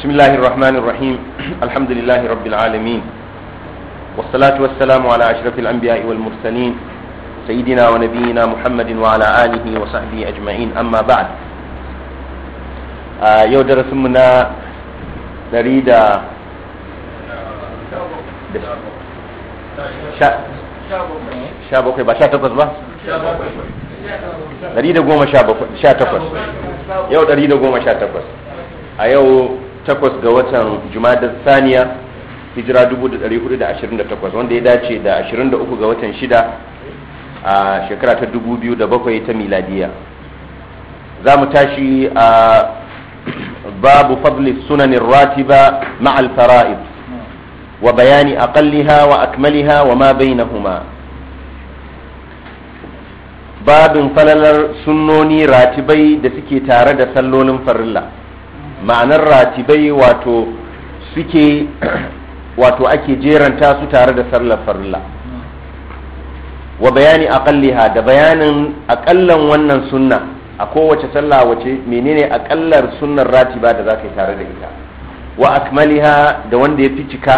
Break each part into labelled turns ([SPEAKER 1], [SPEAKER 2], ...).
[SPEAKER 1] بسم الله الرحمن الرحيم الحمد لله رب العالمين والصلاة والسلام على أشرف الأنبياء والمرسلين سيدنا ونبينا محمد وعلى آله وصحبه أجمعين أما بعد يو درسمنا نريد
[SPEAKER 2] شابوكي باشاتفز با
[SPEAKER 1] نريد قوم شابوكي شاتفز يو نريد قوم شاتفز أيو takwas ga watan jumadar saniya hijira 1428 wanda ya dace da 23 ga watan shida a shekara ta 2007 ta miladiya za mu tashi a babu fadli sunanin ratiba ma'al fara'id wa bayani akalliha wa akmaliha wa ma bainahuma babin falalar sunnoni ratibai da suke tare da sallolin farilla ma'anar ratibai wato suke wato ake jeranta su tare da sallar farilla wa bayani aqalliha da bayanin aƙallan wannan sunna a kowace sallah wace menene aƙallar sunnar ratiba da za yi tare da ita wa akmaliha da wanda ya fi cika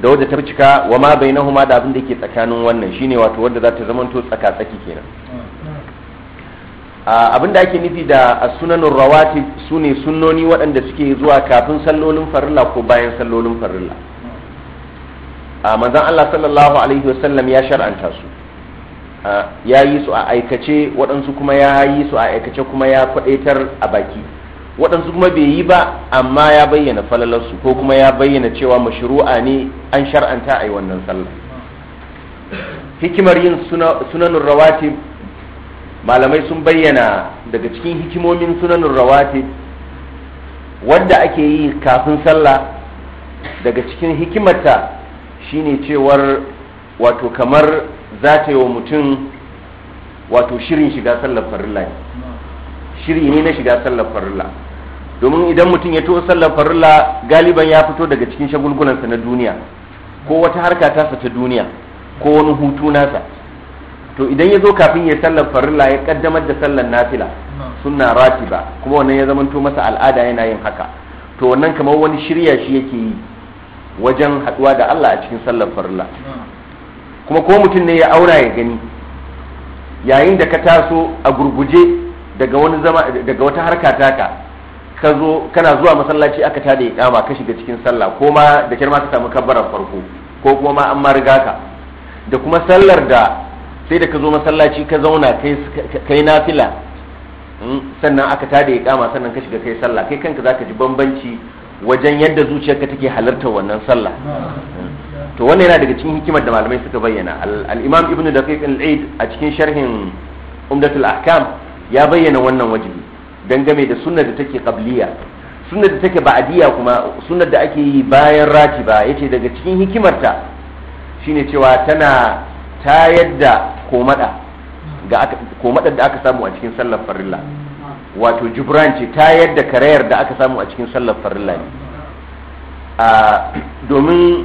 [SPEAKER 1] da wadda ta cika wa ma bainahuma da abin da yake tsakanin wannan shine wato wadda za ta zamanto tsaka-tsaki kenan abin da ake nufi da sunanin rawati su ne sunnoni waɗanda suke zuwa kafin sallolin farilla ko bayan sallolin farilla a manzan Allah sallallahu alaihi wasallam ya shar'anta su ya yi su a aikace waɗansu kuma ya yi su a aikace kuma ya kwaɗaitar a baki waɗansu kuma bai yi ba amma ya bayyana falalarsu ko kuma ya bayyana cewa mashru'a ne an shar'anta a yi wannan sallah hikimar yin sunanin rawatib malamai sun bayyana daga cikin hikimomin sunanin rawati wadda ake yi kafin sallah daga cikin hikimarta shine cewar wato kamar za ta yi wa mutum wato shirin shiga sallar farilla
[SPEAKER 2] ne
[SPEAKER 1] shiri ne na shiga sallar farilla domin idan mutum ya to sallar farilla galiban ya fito daga cikin shagulgulansa na duniya ko wata harka tasa ta duniya ko wani hutu nasa to idan ya zo kafin ya sallar farilla ya kaddamar da sallar nafila sunna ratiba kuma wannan ya zamanto masa al'ada yana yin haka to wannan kamar wani shirya shi yake yi wajen haduwa da Allah a cikin sallar farilla kuma ko mutum ne ya aura ya gani yayin da ka taso a gurguje daga wani zama daga wata harka taka ka zo kana zuwa masallaci aka ta da kama ka shiga cikin sallah ko ma da kyar ka samu kabbarar farko ko kuma ma an ma riga ka da kuma sallar da sai da ka zo masallaci ka zauna kai nafila hmm, sannan aka tada ya kama sannan ka shiga kai sallah kai kanka zaka ji bambanci wajen yadda zuciyarka take halartar wannan sallah to wannan yana daga cikin hikimar da malamai suka bayyana al-imam ibnu daqiq al-aid a cikin sharhin umdatul ahkam ya bayyana wannan wajibi dangane da sunnar da take qabliya sunnar da take ba'diya kuma sunnar da ake yi bayan ba yace daga cikin hikimarta shine cewa tana ta yadda komada ga komada da aka samu a cikin sallar farilla wato jibran ce ta yadda karayar da aka samu a cikin sallar farilla ne domin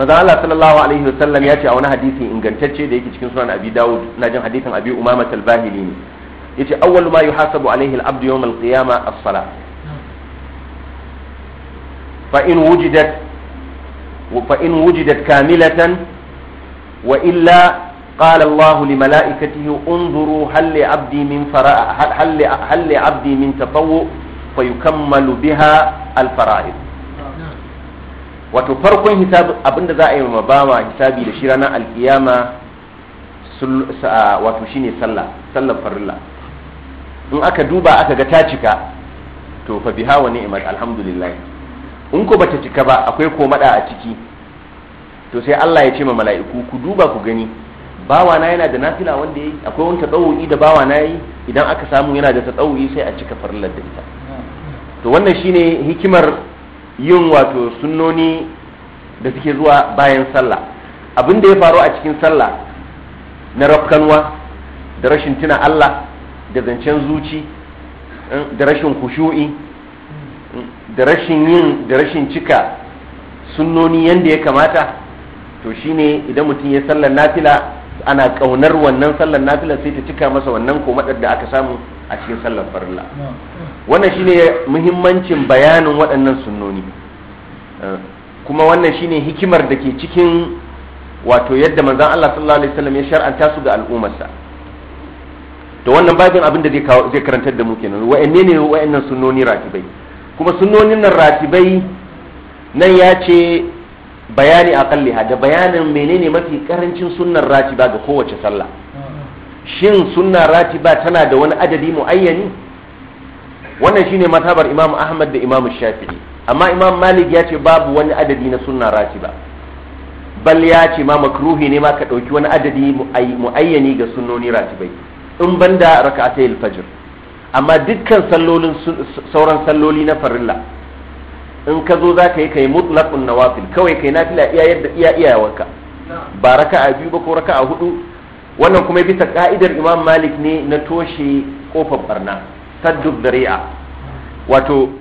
[SPEAKER 1] maza Allah sallallahu alaihi wasallam ya ce a wani hadisi ingantacce da yake cikin sunan abi dawud na jin hadisin abi umama al-Bahili ne yace awwalu ma yuhasabu alaihi al abd yawm al qiyama as-salah fa in wujidat fa in wujidat kamilatan wa illa qala Allah li mala'ikatihi unzuru hal li 'abdi min fara hal li hal li 'abdi min tatawwu fa yukammalu biha al fara'id wato farkon hisabu abinda za a yi ma bawa hisabi da shi ranar alkiyama wato shine sallah sallar farilla in aka duba aka ga ta cika to fa biha wa ni'mat alhamdulillah in ko bata cika ba akwai mada a ciki to sai Allah ya ce ma mala'iku ku duba ku gani bawana yana da nafila wanda yayi akwai wani tsawo'i da bawana yayi idan aka samu yana da tsawo'i sai a cika farillar da ita to wannan shine hikimar yin wato sunnoni da suke zuwa bayan sallah abin da ya faru a cikin sallah na rafkanwa da rashin tuna Allah da zancen zuci eh, da rashin kushu'i eh, da rashin yin da rashin cika sunnoni yanda ya kamata to shine idan mutum ya sallar nafila ana kaunar wannan sallar nafila sai ta cika masa wannan komadar da aka samu a cikin sallar farilla wannan shine muhimmancin bayanin waɗannan sunnoni eh, kuma wannan shine hikimar da ke cikin wato yadda manzon Allah sallallahu alaihi wasallam ya shar'anta su ga al'ummarsa to wannan babin abin da zai karantar da mu kenan wa'anne ne wa'annan sunnoni ratibai kuma sunnonin nan ratibai nan ya ce bayani a aqalliha da bayanin menene mafi karancin sunnar ratiba ga kowace sallah shin sunnar ratiba tana da wani adadi muayyani wannan shine matabar imam ahmad da imam shafi'i amma imam malik ya ce babu wani adadi na sunnar ratiba bal ya ce ma makruhi ne ma ka ɗauki wani adadi muayyani ga sunnoni ratibai in banda raka'atayil fajr amma dukkan sallolin sauran salloli na farilla in ka zo za ka yi kai mutlaƙun nawafil kawai kai nafila iya yadda iya iyawarka ba a biyu ba ko a hudu wannan kuma bisa ka'idar imam malik ne na toshe kofar barna sadduk dari'a wato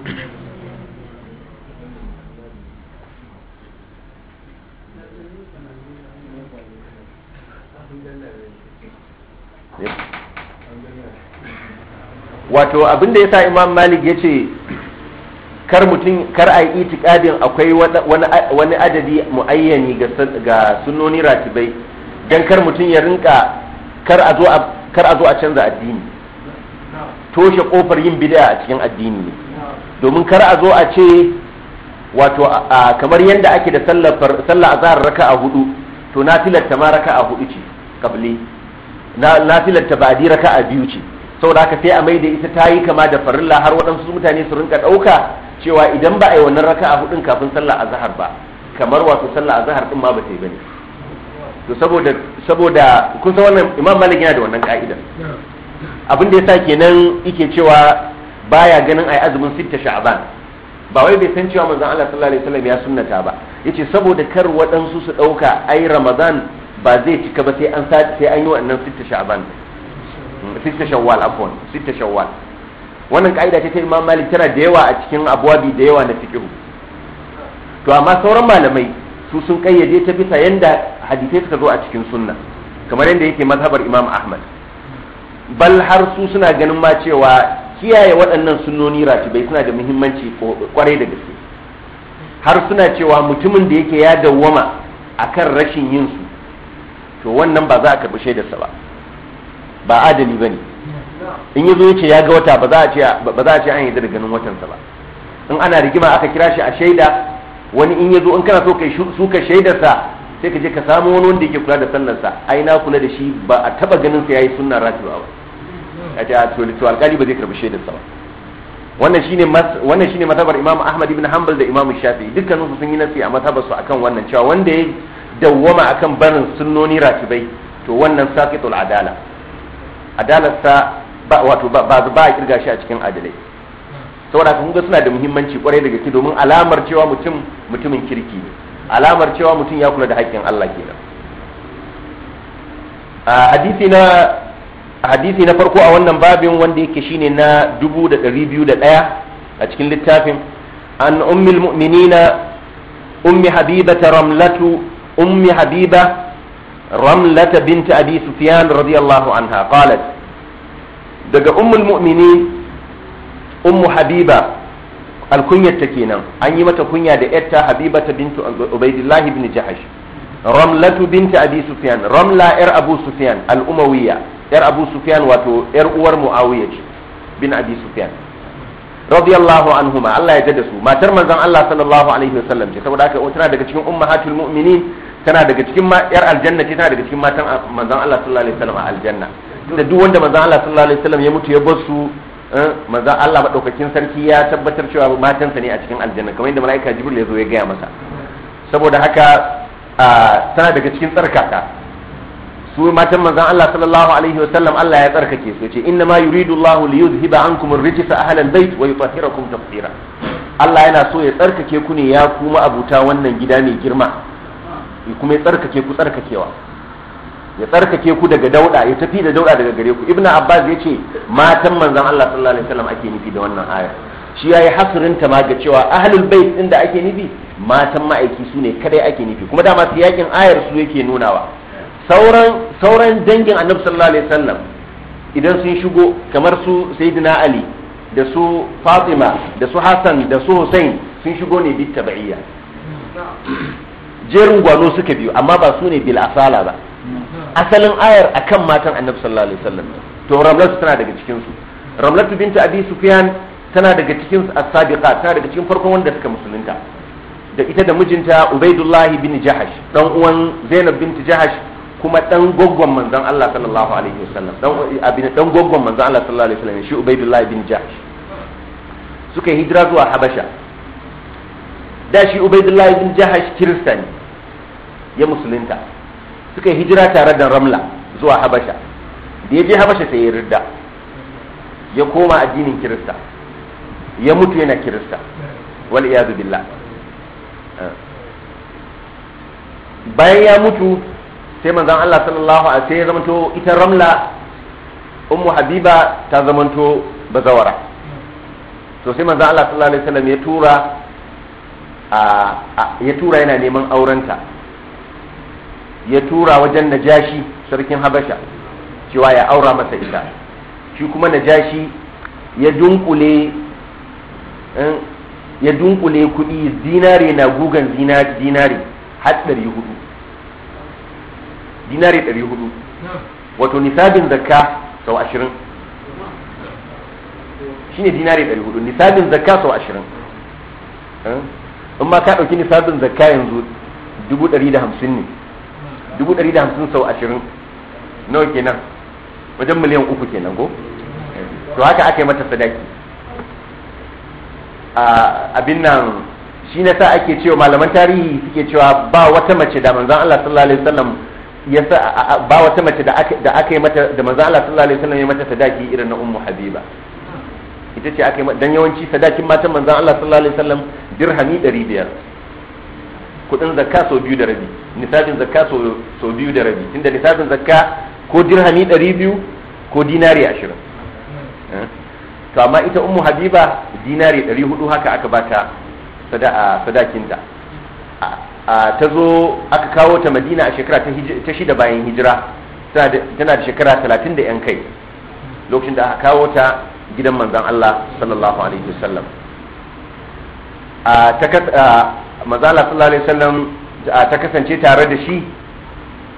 [SPEAKER 1] wato abinda ya sa imam malik ya ce kar mutum kar a yi itikadin akwai wani adadi muayyani ga sunnoni ratibai don kar mutum ya rinka kar a zo a canza addini toshe kofar yin bid'a a cikin addini ne domin kar a zo a ce wato kamar yadda ake da sallah azhar raka a hudu to tilatta ma raka a hudu ce kabli nafilarta ba'di raka a biyu ce saboda haka sai a mai da ita ta yi kama da farilla har waɗansu mutane su rinka ɗauka cewa idan ba a yi wannan raka a hudun kafin sallah a zahar ba kamar wato sallah a zahar din ma ba ta yi bane to saboda saboda kun san wannan imam malik yana da wannan ka'idar abin da yasa kenan yake cewa baya ganin ai azumin sitta sha'ban ba wai bai san cewa manzon Allah sallallahu alaihi wasallam ya sunnata ba yace saboda kar waɗansu su ɗauka ai ramadan ba zai cika ba sai an sai an yi wannan sitta sha'ban hmm, sitta shawwal afwan sitta shawwal wannan ka'ida ce ta imam malik tana da yawa a cikin abuwabi da yawa na fikihu. to amma sauran malamai su sun kayyade ta bisa yanda hadisai suka zo a cikin sunna kamar yanda yake mazhabar imam ahmad bal har su suna ganin ma cewa kiyaye waɗannan sunnoni ratibai suna da muhimmanci kwarai da gaske har suna cewa mutumin da yake ya dawwama akan rashin yin su to wannan ba za a karɓi shaidarsa ba ba adali ba ne in yazo yace ya ga wata ba za a ce an yi da ganin watansa ba in ana rigima aka kira shi a shaida wani in yazo in kana so ka suka shaidarsa sai ka je ka samu wani wanda yake kula da sallar sa ai na kula da shi ba a taba ganin sa yayi sunna ratiba ba a ce ah, alkali ba zai karbi shaidar ba wannan shine wannan shine mazhabar Ahmad ibn Hanbal da imamu Shafi dukkanin su sun yi nasi a mazhabar su akan wannan cewa wanda ya dawwama akan barin sunnoni ratibai to wannan saqitul adala adalarsa ba wato ba ba a kirga shi a cikin adalai saboda haka ga suna da muhimmanci kwarai da gaske domin alamar cewa mutum mutumin kirki ne alamar cewa mutum ya kula da haƙƙin Allah kenan a hadisi na hadisi na farko a wannan babin wanda yake shine na 2201 a cikin littafin an ummul mu'minina ummi habibata ramlatu ummi habiba ramlata bint abi sufyan radiyallahu anha qalat daga ummul mu'mini ummu habiba alkunyarta kenan an yi mata kunya da ita habibata bintu ubaidillahi bin jahash ramlatu binta abi sufyan ramla yar abu sufyan al-umawiyya yar abu sufyan wato yar uwar muawiya bin abi sufyan radiyallahu anhuma Allah ya da su matar manzon Allah sallallahu alaihi wasallam ce saboda haka tana daga cikin ummahatul mu'minin tana daga cikin yar aljanna ce tana daga cikin matan manzon Allah sallallahu alaihi wasallam aljanna tunda duk wanda manzon Allah sallallahu alaihi wasallam ya mutu ya bar su eh, manzon Allah madaukakin sarki ya tabbatar cewa matansa ne a cikin aljanna kamar yadda malaika jibril ya zo ya gaya masa saboda haka tana daga cikin tsarkaka su matan manzon Allah sallallahu alaihi wasallam Allah ya tsarkake su ce inna ma yuridu Allah li yuzhiba ankum ar rijs ahla al-bayt wa yutahhirakum tatheera Allah yana so ya tsarkake ku ne ya kuma abuta wannan gida mai girma kuma ya tsarkake ku tsarkakewa ya tsarkake ku daga dauda ya tafi da dauda daga gare ku ibnu abbas ya ce matan manzon Allah sallallahu alaihi wasallam ake nufi da wannan aya shi yayi hasirin ta ma ga cewa ahlul bait din da ake nufi matan ma'aiki su ne kadai ake nufi kuma dama siyakin ayar su yake nunawa sauran sauran dangin annabi sallallahu alaihi wasallam idan sun shigo kamar su sayyidina ali da su fatima da su hassan da su hussein sun shigo ne bi tabaiya jerin gwano suka biyu amma ba su ne bil asala ba asalin ayar akan matan annabi sallallahu alaihi wasallam to ramlatu tana daga cikin su ramlatu binta abi sufyan tana daga cikin as-sabiqa tana daga cikin farkon wanda suka musulunta da ita da mijinta ubaidullah bin jahash dan uwan zainab bint jahash kuma dan goggon manzon Allah sallallahu alaihi wasallam dan abin dan goggon manzon Allah sallallahu alaihi wasallam shi ubaidullah bin jahash suka hijira zuwa habasha da shi ubaidullah bin jahash kristani ya musulunta suka yi hijira tare da ramla zuwa habasha da ya je habasha sai ya ridda ya koma addinin kirista ya mutu yana kirista wal iyadu billah eh. bayan ya mutu sai manzon Allah sallallahu alaihi sai ya zamanto ita ramla ummu habiba ta zamanto bazawara to sai manzon Allah sallallahu alaihi wasallam ya tura ya tura yana neman aurenta ya tura wajen najashi sarkin habasha cewa ya aura masa ita shi kuma najashi ya dunkule eh, ya dunkule kuɗi dinare na gugan dinare har ɗari hudu dinare dari hudu wato nisabin zakka sau ashirin shine dinare dari hudu nisabin zakka sau ashirin eh, in ma ka ɗauki nisabin zakka yanzu dubu dari da hamsin ne dubu ɗari da hamsin sau ashirin nawa kenan wajen miliyan uku kenan go to haka aka yi mata sadaki abin nan shi na sa ake cewa malaman tarihi suke cewa ba wata mace da manzan Allah sallallahu alaihi wasallam ya sa ba wata mace da aka da aka yi mata da manzan Allah sallallahu alaihi wasallam ya mata sadaki irin na ummu habiba ita ce aka yi dan yawanci sadakin matan manzan Allah sallallahu alaihi wasallam dirhami 500 kudin zakka sau biyu da rabi nisabin zakka sau biyu da rabi inda nisabin zakka ko dirhami ɗari biyu ko dinari ashirin eh? to amma ita ummu habiba dinari ɗari hudu haka aka bata sadakinta ta zo aka kawo ta madina a shekara ta shida bayan hijira tana da shekara talatin da yan kai lokacin da aka kawo ta gidan manzan Allah sallallahu alaihi wasallam mazala sallallahu alaihi wasallam ta kasance tare da shi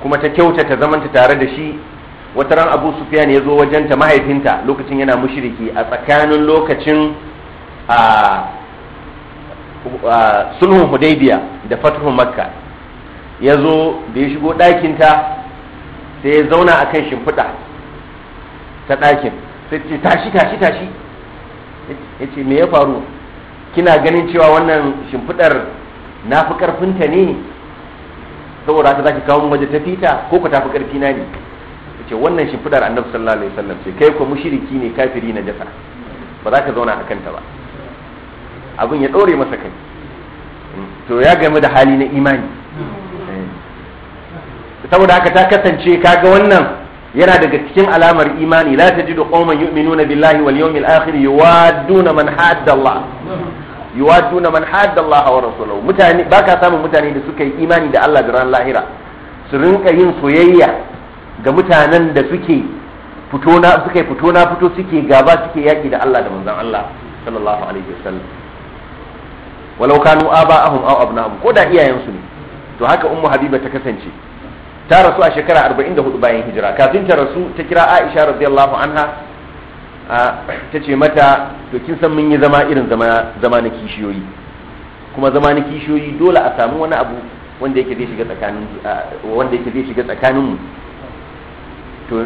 [SPEAKER 1] kuma ta kyauta kyautata zamanta tare da shi wata ran abu sufyan ya zo wajenta mahaifinta lokacin yana mushriki a tsakanin lokacin a sulhun hudaybiya da fatuhun makka ya zo da ya shigo ta sai ya zauna a kan shimfiɗa ta ɗakin sai ce tashi tashi tashi ya ce me ya faru kina ganin cewa wannan shimfiɗar na fi karfinta ne saboda za zaki kawo waje ta fita ko ka tafi karfi na ne ce wannan shimfidar annabi sallallahu alaihi wasallam ce kai ko mushriki ne kafiri na jasa ba za ka zauna a kanta ba abin ya ɗore masa kai to ya game da hali na imani eh. saboda haka ta kasance kaga wannan yana daga cikin alamar imani la tajidu qauman yu'minuna billahi wal yawmil akhir yuwadduna man hadda Allah yuwaduna man hadda Allah wa rasulahu mutane baka samun mutane da suka yi imani da Allah da ran lahira su rinka yin soyayya ga mutanen da suke fito na suke fito na fito suke gaba suke yaki da Allah da manzon Allah sallallahu alaihi wasallam walau kanu aba'ahum aw abna'ahum ko da iyayensu ne to haka ummu habiba ta kasance ta rasu a shekara 44 bayan hijira kafin ta rasu ta kira Aisha radiyallahu anha ta ce mata to kin san mun yi zama irin zama na kishiyoyi kuma zama na kishiyoyi dole a samu wani abu wanda yake zai shiga tsakanin wanda yake zai shiga tsakanin mu to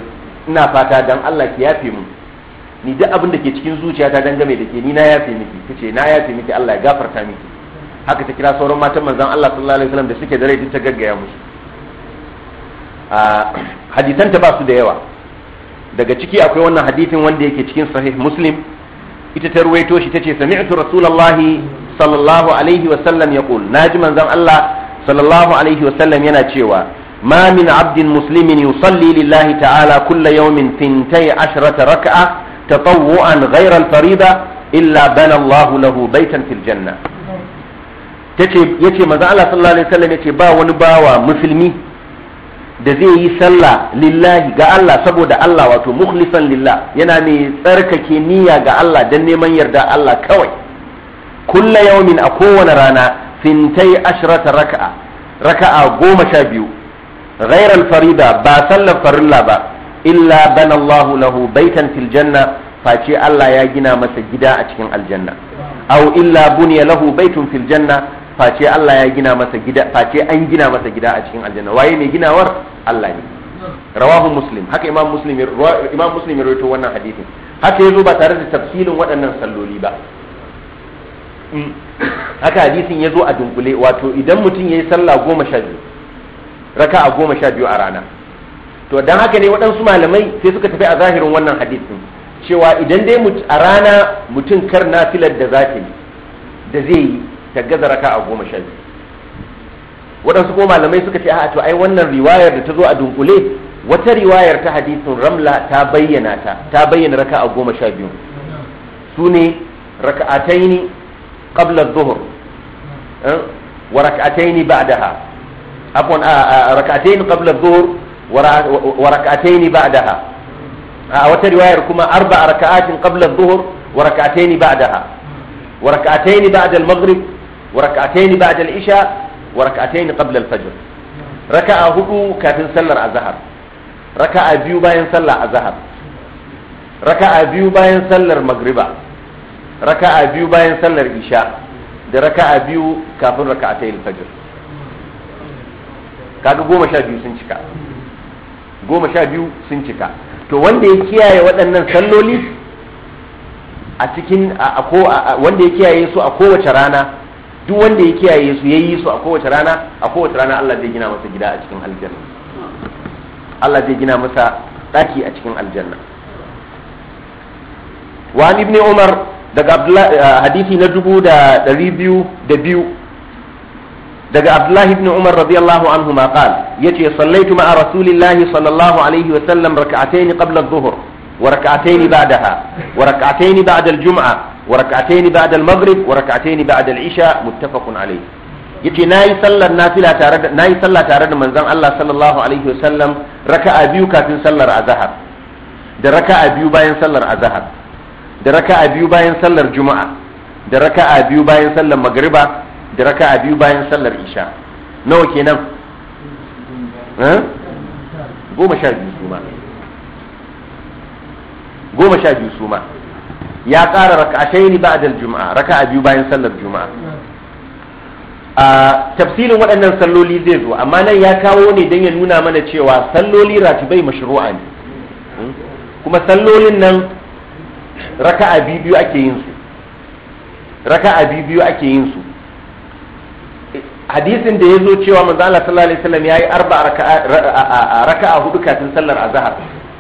[SPEAKER 1] ina fata dan Allah ki yafe mu ni duk abin da ke cikin zuciyata game da ke ni na yafe miki kace na yafe miki Allah ya gafarta miki haka ta kira sauran matan manzon Allah sallallahu alaihi wasallam da suke da rai ta gaggaya musu a hadisanta ba su da yawa daga ciki akwai wannan hadisin wanda yake cikin sahih muslim ita ta ruwaito shi tace sami'tu rasulullahi sallallahu alaihi wa sallam na naji manzan Allah sallallahu alaihi wa sallam yana cewa ma min abdin muslimin yusalli lillahi ta'ala kulla yawmin tintai ashrata rak'a tatawwu'an ghayra al-farida illa bana allah lahu baitan fil janna tace yace manzan Allah sallallahu alaihi wa sallam yace ba wani bawa musulmi da zai yi sallah lillahi ga Allah saboda Allah wato mukhlisan lillah yana mai tsarkake niyya ga Allah dan neman yarda Allah kawai kulla yaumin a kowane rana fintai ashrata raka'a raka'a goma sha biyu ghairal farida ba sallar farilla ba illa bana Allahu lahu baitan fil janna face Allah ya gina masa gida a cikin aljanna aw illa buniya lahu baitun fil janna face Allah ya gina masa gida face an gina masa gida a cikin aljanna waye mai ginawar Allah ne rawahu muslim haka imam muslim imam muslim ya rawaito wannan hadisin haka yazo ba tare da tafsilin waɗannan salloli ba mm. haka hadisin yazo a dunkule wato idan mutum yayi sallah goma sha biyu raka'a goma sha biyu a rana to dan haka ne waɗansu malamai sai suka tafi a zahirin wannan hadisin cewa idan dai a rana mutum kar nafilar da za da zai yi ta gaza raka a goma sha biyu waɗansu ko malamai suka ce a to ai wannan riwayar da ta zo a dunkule wata riwayar ta hadisin ramla ta bayyana ta ta bayyana raka a goma sha biyu su ne raka'ataini qabla zuhur eh, wa raka'ataini ba'daha afwan raka'ataini qabla zuhur wa raka'ataini ba'daha a wata riwayar kuma arba'a raka'atin qabla zuhur wa raka'ataini ba'daha wa raka'ataini ba'da al-maghrib وركعتين بعد العشاء وركعتين قبل الفجر ركع هدو كافن سلر أزهر ركع بيو باين سلر أزهر ركع بيو باين سلر مغربة ركع بيو باين سلر إشاء da raka'a biyu kafin raka'atayil fajr kaga goma sha biyu sun cika goma sha biyu sun cika to wanda ya kiyaye waɗannan salloli a cikin a ko wanda ya kiyaye su a kowace rana duk wanda ya kiyaye su yayi su a kowace rana a kowace rana Allah zai gina masa gida a cikin aljanna Allah zai gina masa daki a cikin aljanna wa ibn umar daga eh, hadisi na dubu da ɗari biyu da biyu daga abdullahi ibn umar radiyallahu anhu ma qal yace sallaitu ma'a rasulillahi sallallahu alaihi wa sallam rak'atayn qabla adh-dhuhr wa rak'atayn ba'daha wa rak'atayn ba'da al-jum'ah وركعتين بعد المغرب وركعتين بعد العشاء متفق عليه yace nayi sallar nafila tare da nayi sallah tare da manzon Allah sallallahu alaihi wasallam raka'a biyu kafin sallar azhar da raka'a biyu bayan sallar azhar da raka'a biyu bayan sallar juma'a da raka'a biyu bayan sallar magriba da raka'a biyu bayan sallar isha nawa kenan goma sha biyu suma goma sha biyu suma ya ƙara raka'atai ni ba'dal juma'a raka a biyu bayan sallar juma'a a tafsilin waɗannan salloli zai zo amma nan ya kawo ne don ya nuna mana cewa salloli ratibai mashru'a ne hmm? kuma sallolin nan raka a biyu ake yin su a biyu ake yin su hadisin da ya zo cewa manzo Allah sallallahu alaihi wasallam yayi arba raka'a hudu kafin sallar azhar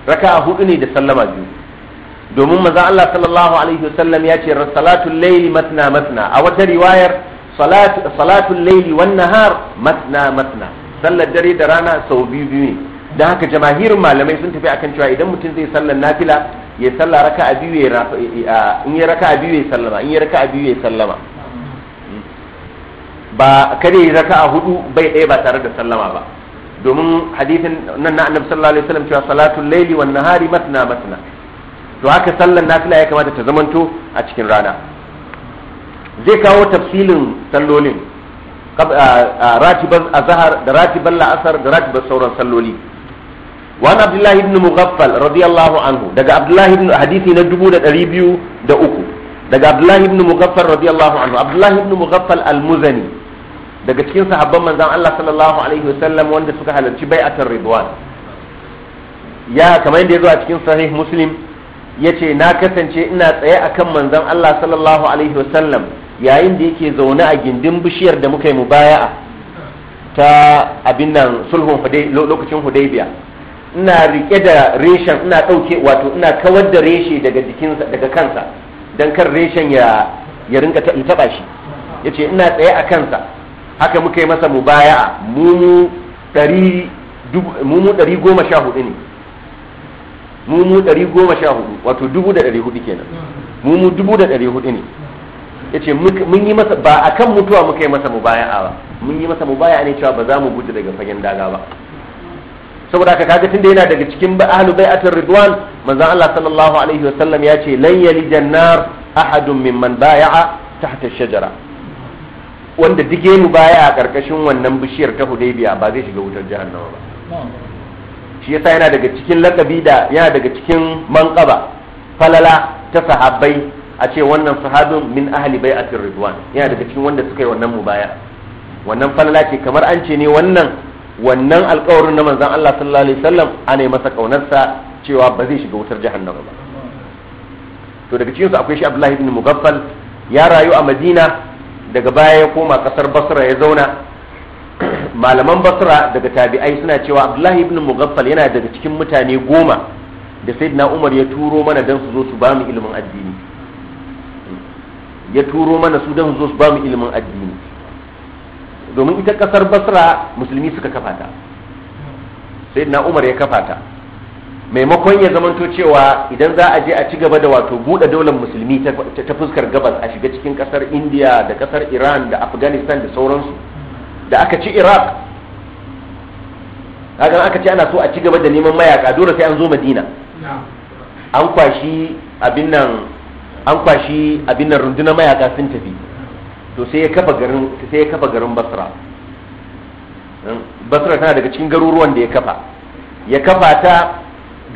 [SPEAKER 1] raka'a hudu ne da sallama biyu domin maza Allah sallallahu alaihi wasallam ya ce salatul layli matna matna a wata riwayar salatul layli wan nahar matna matna sallar dare da rana sau biyu biyu ne dan haka jamahirin malamai sun tafi akan cewa idan mutum zai sallar nafila ya salla raka a biyu ya in ya raka a biyu ya sallama in ya raka a biyu ya sallama ba kare ya a hudu bai ɗaya ba tare da sallama ba domin hadisin nan na annabi sallallahu alaihi wasallam cewa salatul laili wan nahari matna matna to haka sallar nafila ya kamata ta zamanto a cikin rana zai kawo tafsilin sallolin ratibar azhar da ratibar la'asar da ratibar sauran salloli wa an abdullahi ibn mughaffal radiyallahu anhu daga abdullahi ibn hadisi na 2203 daga abdullahi ibn mughaffal radiyallahu anhu abdullahi ibn mughaffal al-muzani daga cikin sahabban manzon Allah sallallahu alaihi wasallam wanda suka halarci bai'atar ridwan ya kamar yadda ya zo a cikin sahih muslim yace na kasance ina tsaye a kan manzan Allah sallallahu alaihi wasallam yayin da yake zaune a gindin bishiyar da muka yi baya ta abin nan sulhun lokacin hudaybiya ina rike da reshen ina dauke wato ina kawar da reshe daga jikinsa daga kansa don kan reshen ya ya rinka taba shi yace ina tsaye a kansa haka muka yi masa baya mu mu ɗari goma sha hudu ne mu mu ɗari goma sha hudu wato dubu da ɗari hudu kenan mu mu dubu da ɗari hudu ne ya ce mun yi masa ba a kan mutuwa muka yi masa mubaya'a ba mun yi masa mubaya'a ne cewa ba za mu gudu daga fagen daga ba saboda haka kaga tunda yana daga cikin a bai'atir ridwan maza Allah sallallahu alaihi wa sallam ya ce lan yalija nar ahadun mimman baya'a tahta shajara wanda dige mu baya a karkashin wannan bishiyar ta hudaybiya ba zai shiga wutar jahannama ba shi yasa yana daga cikin lakabi da yana daga cikin manqaba falala ta sahabbai a ce wannan sahabin min ahli bai'atir ridwan yana daga cikin wanda suka yi wannan mubaya wannan falala ce kamar an ce ne wannan wannan alƙawarin na manzon Allah sallallahu alaihi wasallam ana yi masa kaunarsa cewa ba zai shiga wutar jahannama ba to daga cikin su akwai shi Abdullahi ibn Mughaffal ya rayu a Madina daga baya ya koma kasar Basra ya zauna malaman basra daga tabi'ai suna cewa abdullahi ibn mughaffal yana daga cikin mutane goma da sayyidina umar ya turo mana don su zo su bamu ilimin addini ya turo mana su don su zo su bamu ilimin addini domin ita kasar basra musulmi suka kafa ta sayyidina umar ya kafa ta maimakon ya zamanto cewa idan za a je a ci gaba da wato buɗe daular musulmi ta fuskar gabas a shiga cikin kasar india da kasar iran da afghanistan da sauransu da aka ci iraq haka aka ce ana so a ci gaba da neman mayaka dole sai an zo madina an kwashi abin nan an kwashi abin nan rundunar mayaka sun tafi to sai ya kafa garin sai ya basra hmm? basra tana daga cikin garuruwan da ya kafa ya kafa ta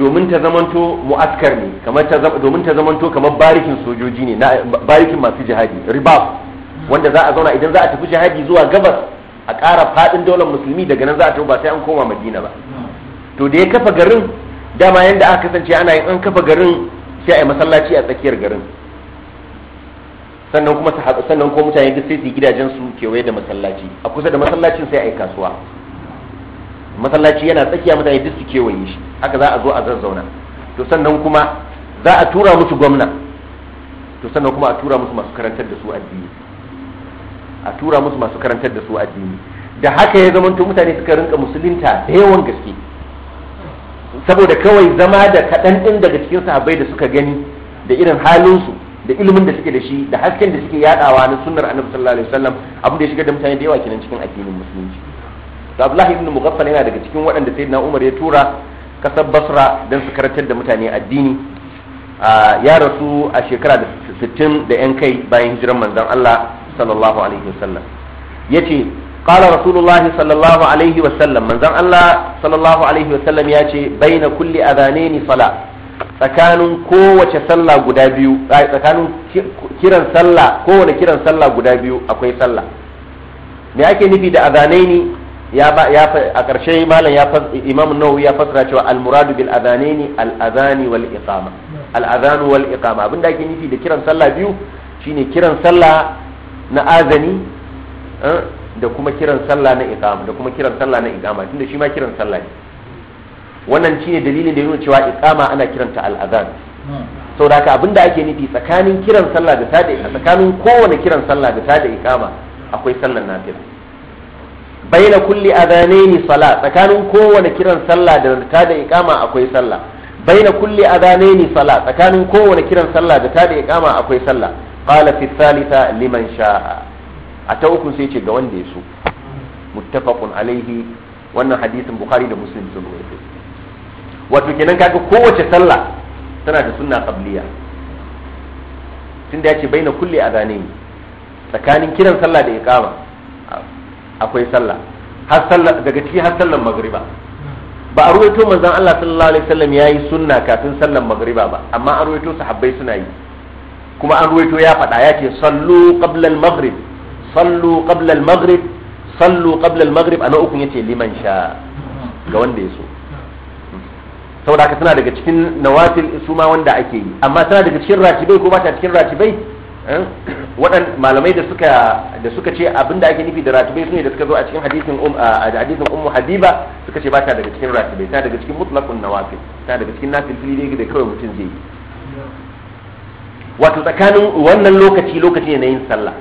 [SPEAKER 1] domin ta zamanto mu'askar ne kamar ta domin ta zamanto kamar barikin sojoji ne barikin masu jihadi ribab wanda za a zauna idan za a tafi jihadi zuwa gabas a ƙara faɗin daular musulmi daga nan za a ba sai an koma madina ba to da ya kafa garin dama yadda aka kasance ana yin an kafa garin sai a yi masallaci a tsakiyar garin sannan kuma sannan ko mutane duk sai su gidajen su kewaye da masallaci a kusa da masallacin sai a yi kasuwa masallaci yana tsakiya mutane duk su kewaye shi haka za a zo a zazzauna to sannan kuma za a tura musu gwamna to sannan kuma a tura musu masu karantar da su addini a tura musu masu karantar da su addini da haka ya zamanto mutane suka rinka musulunta da yawan gaske saboda kawai zama da kaɗan ɗin daga cikin sahabbai da suka gani da irin halinsu da ilimin da suke da shi da hasken da suke yadawa na sunnar annabi sallallahu alaihi wasallam abin da ya shiga da mutane da yawa kenan cikin addinin musulunci to abdullahi ibn mughaffal yana daga cikin waɗanda sayyidina umar ya tura kasar basra don su karantar da mutane addini ya rasu a shekara da 60 da yan kai bayan hijiran manzon Allah sallallahu alaihi wasallam yace qala rasulullahi sallallahu alaihi wasallam manzan Allah sallallahu alaihi wasallam yace baina kulli adhanaini sala tsakanin kowace sallah guda biyu tsakanin kiran sallah kowane kiran sallah guda biyu akwai sallah me ake nufi da adhanaini ya ba ya a ƙarshe malam ya imam nawawi ya fasara cewa al muradu bil adhanaini al adhani wal iqama al adhanu wal iqama abinda ake nufi da kiran sallah biyu shine kiran sallah na azani eh, da kuma kiran sallah na iqama da kuma kiran sallah na iqama tunda shi ma kiran sallah ne wannan shine dalilin da ya cewa iqama ana kiranta al-azan saboda haka abinda ake nufi tsakanin kiran sallah da tada tsakanin kowane kiran sallah da tada iqama akwai sallar nafila baina kulli adhanaini salat tsakanin kowane kiran sallah da tada iqama akwai sallah baina kulli adhanaini salat tsakanin kowane kiran sallah da tada iqama akwai sallah qala fi thalitha liman sha'a a ta uku sai ce ga wanda ya so muttafaqun alaihi wannan hadisin bukari da muslim sun rawaito wato kenan kaga kowace sallah tana da sunna qabliya tunda kulle a kulli adhanaini tsakanin kiran sallah da iqama akwai sallah daga ciki har sallar magriba ba a ruwaito manzan Allah sallallahu alaihi wasallam yi sunna kafin sallar magariba ba amma a ruwaito habbai suna yi kuma an ruwaito ya faɗa ya ce sallu qabla maghrib sallu qabla maghrib sallu qabla maghrib ana uku yace liman sha ga wanda ya so saboda haka tana daga cikin nawafil suma wanda ake yi amma tana daga cikin ratibai ko ba ta cikin ratibai eh? waɗan malamai da suka da suka ce abinda ake nufi da ratibai sune da suka zo a cikin hadisin um a hadisin ummu habiba suka ce ba ta daga cikin ratibai ta daga cikin mutlaqun nawafil ta daga cikin nafil fili da kawai mutum zai yi wato tsakanin wannan lokaci lokaci ne na yin sallah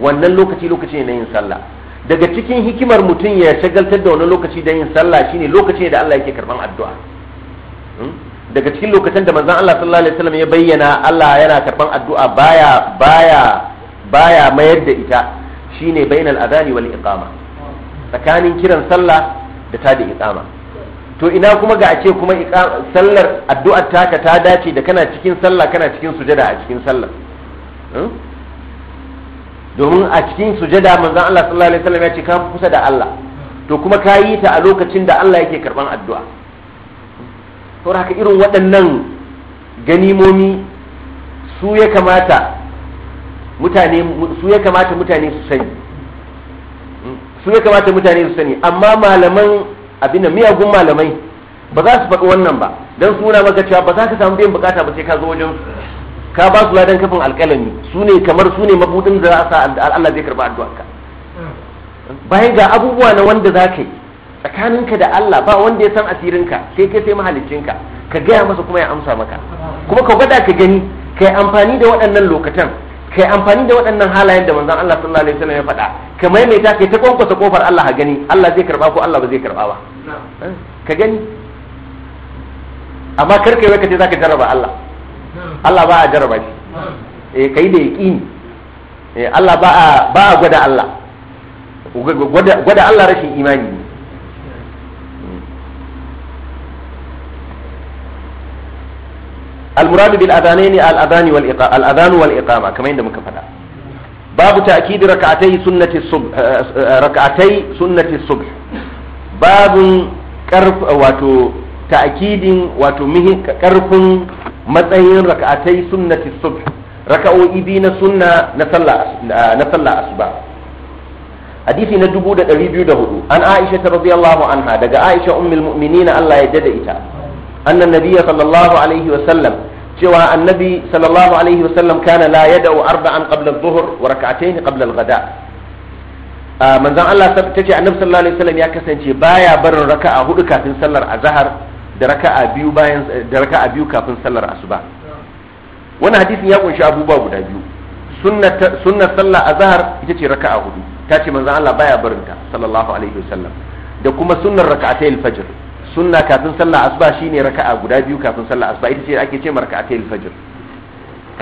[SPEAKER 1] wannan lokaci lokaci ne na yin sallah daga cikin hikimar mutum ya shagaltar da wannan lokaci don yin sallah shine lokaci da Allah yake karban addu'a daga cikin lokacin da manzon Allah sallallahu alaihi wasallam ya bayyana Allah yana karban addu'a baya baya baya mayar da ita shine bainal adani wal iqama tsakanin kiran sallah da ta da iqama to ina kuma ga a ce kuma sallar addu'ar taka ta dace da kana cikin sallah kana cikin sujada a cikin sallah hmm? domin a cikin sujada manzon Allah sallallahu alaihi wasallam ya ce ka kusa da Allah to kuma ka yi ta a lokacin da Allah yake karban addu'a to haka irin waɗannan ganimomi su ya kamata mutane su ya kamata mutane su sani hmm? su ya kamata mutane su sani amma malaman abinda miyagun malamai ba za su faɗi wannan ba don suna maka cewa ba za ka samu biyan bukata ba sai ka zo wajen ka ba su ladan kafin alƙalami su ne kamar su ne mabudin da za a sa Allah zai karba ka
[SPEAKER 2] bayan ga abubuwa na
[SPEAKER 1] wanda za ka yi tsakaninka da Allah ba wanda ya san asirin ka sai kai sai mahaliccinka ka ka gaya masa kuma ya amsa maka kuma ka gwada ka gani ka yi amfani da waɗannan lokutan ka yi amfani da waɗannan halayen da manzon Allah sallallahu alaihi wasallam ya faɗa ka maimaita kai ta kwankwasa kofar Allah a gani Allah zai karba ko Allah ba zai karba ba Eh? ka gani amma karka yi ka ce za ka jarraba Allah Allah ba a jarraba shi eh kai da yaƙini eh Allah ba a ba a gwada Allah gwada Allah rashin imani ne المراد بالأذانين الأذان والإقامة الأذان والإقامة كما muka كفنا باب تأكيد ركعتي سنة الصبح ركعتي سنة الصبح babin wato ta'akidin wato mihin karfin matsayin raka'atai sunnati subh raka'o'i bi na sunna na sallah na sallah asuba hadisi na 2204 an Aisha ta radiyallahu anha daga Aisha ummul mu'minin Allah ya dada ita anna nabiyya sallallahu alaihi wa sallam cewa annabi sallallahu alaihi wa sallam kana la yada'u arba'an qabla adh-dhuhr wa raka'atayn qabla al-ghada' manzon Allah ta ce annabi sallallahu alaihi wasallam ya kasance baya barin raka'a hudu kafin sallar azhar da raka'a biyu bayan da raka'a biyu kafin sallar asuba wannan hadisin ya kunshi abubuwa guda biyu sunnat sunnat sallar azhar ita ce raka'a hudu ta ce manzon Allah baya barin ta sallallahu alaihi wasallam da kuma sunnar raka'atay al-fajr sunna kafin sallar asuba shine raka'a guda biyu kafin sallar asuba ita ce ake ce raka'atay al-fajr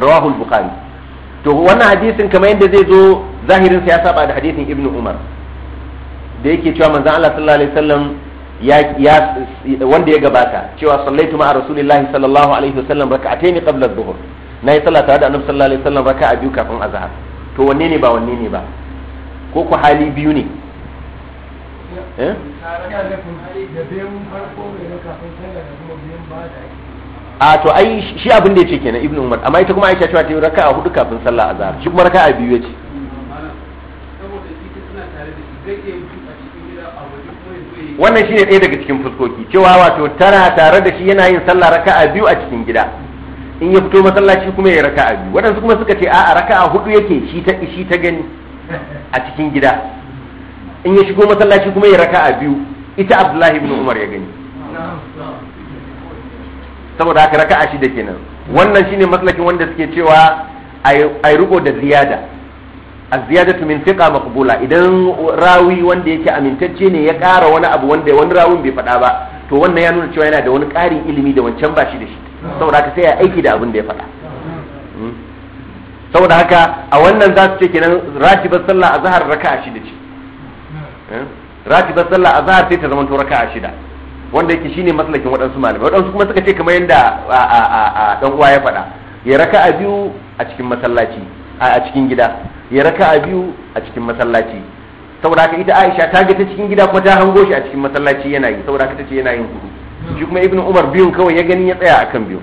[SPEAKER 1] rawahu al-bukhari to wannan hadisin kamar yadda zai zo zahirin sa ya saba da hadisin ibn umar da yake cewa manzon Allah sallallahu alaihi wasallam ya ya wanda ya gabata cewa sallaitu ma'a rasulillahi sallallahu alaihi wasallam raka'atayn qabla adh-dhuhr nayi sallah tare da annabi sallallahu alaihi wasallam raka'a biyu kafin azhar to wanne ne ba wanne ne ba ko ku hali biyu ne eh a to ai shi abin da ya ce kenan ibnu umar amma ita kuma aisha cewa ta yi raka'a hudu kafin sallah azhar shi kuma raka'a biyu ya ce wannan shine ɗaya daga cikin fuskoki cewa wato tara tare da shi yana yin sallah raka'a biyu a cikin gida in ya fito masallaci kuma ya raka'a biyu waɗansu kuma suka ce a'a raka'a hudu yake shi ta shi ta gani a cikin gida in ya shigo masallaci kuma ya raka'a biyu ita abdullahi ibnu umar ya gani saboda haka raka'a shida kenan wannan shine maslakin wanda suke cewa ai riko da ziyada az-ziyadatu min thiqa maqbula idan rawi wanda yake amintacce ne ya ƙara wani abu wanda wani rawin bai faɗa ba to wannan ya nuna cewa yana da wani ƙarin ilimi da wancan ba shi da shi saboda haka sai ya aiki da abin da ya faɗa hmm. saboda haka a wannan za su ce kenan ratibar sallah azhar raka'a shida ce hmm. ratibar sallah azhar sai ta zama to raka'a shida wanda yake shine maslakin waɗansu malamai waɗansu kuma suka ce kamar yadda a dan uwa ya faɗa ya raka'a biyu a cikin masallaci a cikin gida ya raka'a biyu a cikin masallaci saboda haka ita Aisha ta ga ta cikin gida kuma ta hango shi a cikin masallaci yana yi saboda haka ta ce yana yin hudu shi kuma Ibn Umar biyun kawai ya gani ya tsaya akan biyu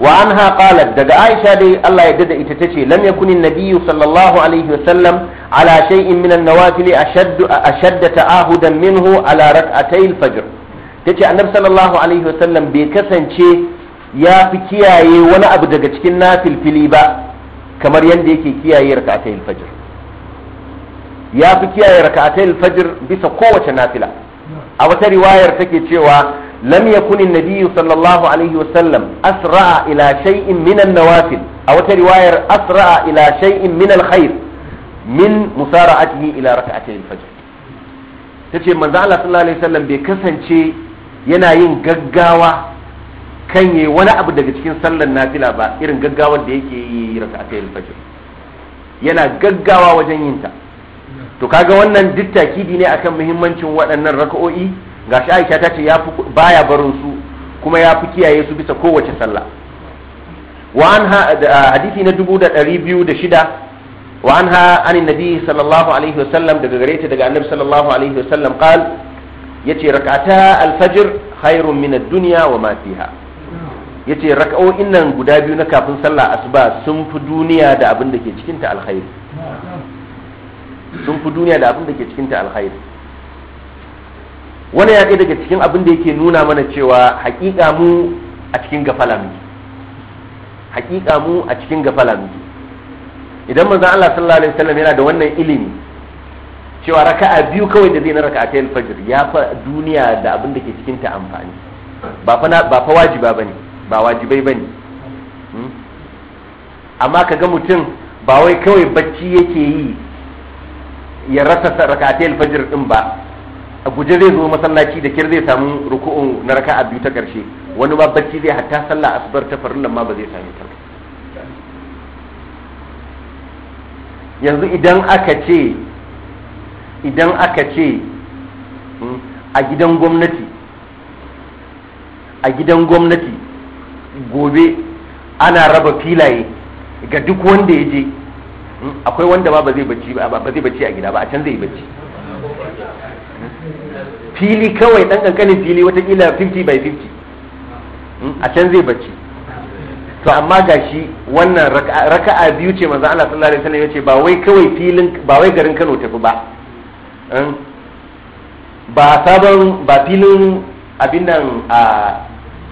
[SPEAKER 1] wa anha qalat daga Aisha dai Allah ya dada ita tace lam yakunin nabiyyu sallallahu alaihi wa sallam على شيء من النوافل أشد أشد تعاهدا منه على ركعتي الفجر تجي النبي صلى الله عليه وسلم بكسن شيء يا في كياي وانا أبدا جتكن نافل في ليبا كما يندي كي كياي ركعتي الفجر يا في كياي ركعتي الفجر بس قوة نافلة أو رواية تكي شيوا لم يكن النبي صلى الله عليه وسلم أسرع إلى شيء من النوافل أو رواية أسرع إلى شيء من الخير min musara'atihi ila raka'atayil fajr tace manzo Allah sallallahu alaihi wasallam bai kasance yana yin gaggawa kan yi wani abu daga cikin sallar nafila ba irin gaggawar da yake yi raka'atayil fajr yana gaggawa wajen yin ta to kaga wannan duk takidi ne akan muhimmancin waɗannan raka'o'i gashi Aisha ta ce ya baya barin su kuma ya fi kiyaye su bisa kowace sallah wa anha hadisi na 2206 وعنها عن النبي صلى الله عليه وسلم دقا غريت دقا النبي صلى الله عليه وسلم قال يتي ركعتا الفجر خير من الدنيا وما فيها يتي ركعو إن قدا بيونا كافن صلى أسبا سنف دنيا دا أبن دكي چكنت الخير سنف دنيا دا أبن دكي چكنت الخير wani ya ɗaya daga cikin abin da yake nuna mana cewa hakika mu a cikin gafala muke hakika mu a cikin gafala muke idan manzon Allah sallallahu alaihi wasallam yana da wannan ilimi cewa raka'a biyu kawai da zai na raka'a ta fajr ya fa duniya da abin da ke cikin ta amfani ba fa ba fa wajiba bane ba wajibai bane hmm? amma kaga mutum ba wai kawai bacci yake yi ya rasa raka'a ta fajr din ba a guje zai zo masallaci da kyar zai samu ruku'u na raka'a biyu ta karshe wani ba bacci zai hatta sallah asbar ta farin ma ba zai sami ta ba yanzu idan aka ce idan aka ce hmm, a gidan gwamnati a gidan gwamnati gobe ana raba filaye ga duk wanda ya je hmm, akwai wanda ba ba zai bacci a gida ba a can zai bacci fili kawai dan kankanin fili watakila 50 by 50 hmm, a can zai bacci to amma gashi wannan raka'a biyu ce manzo Allah sallallahu alaihi wasallam yace ba wai kawai filin ba wai garin Kano tafi ba ba sabon ba filin abin nan a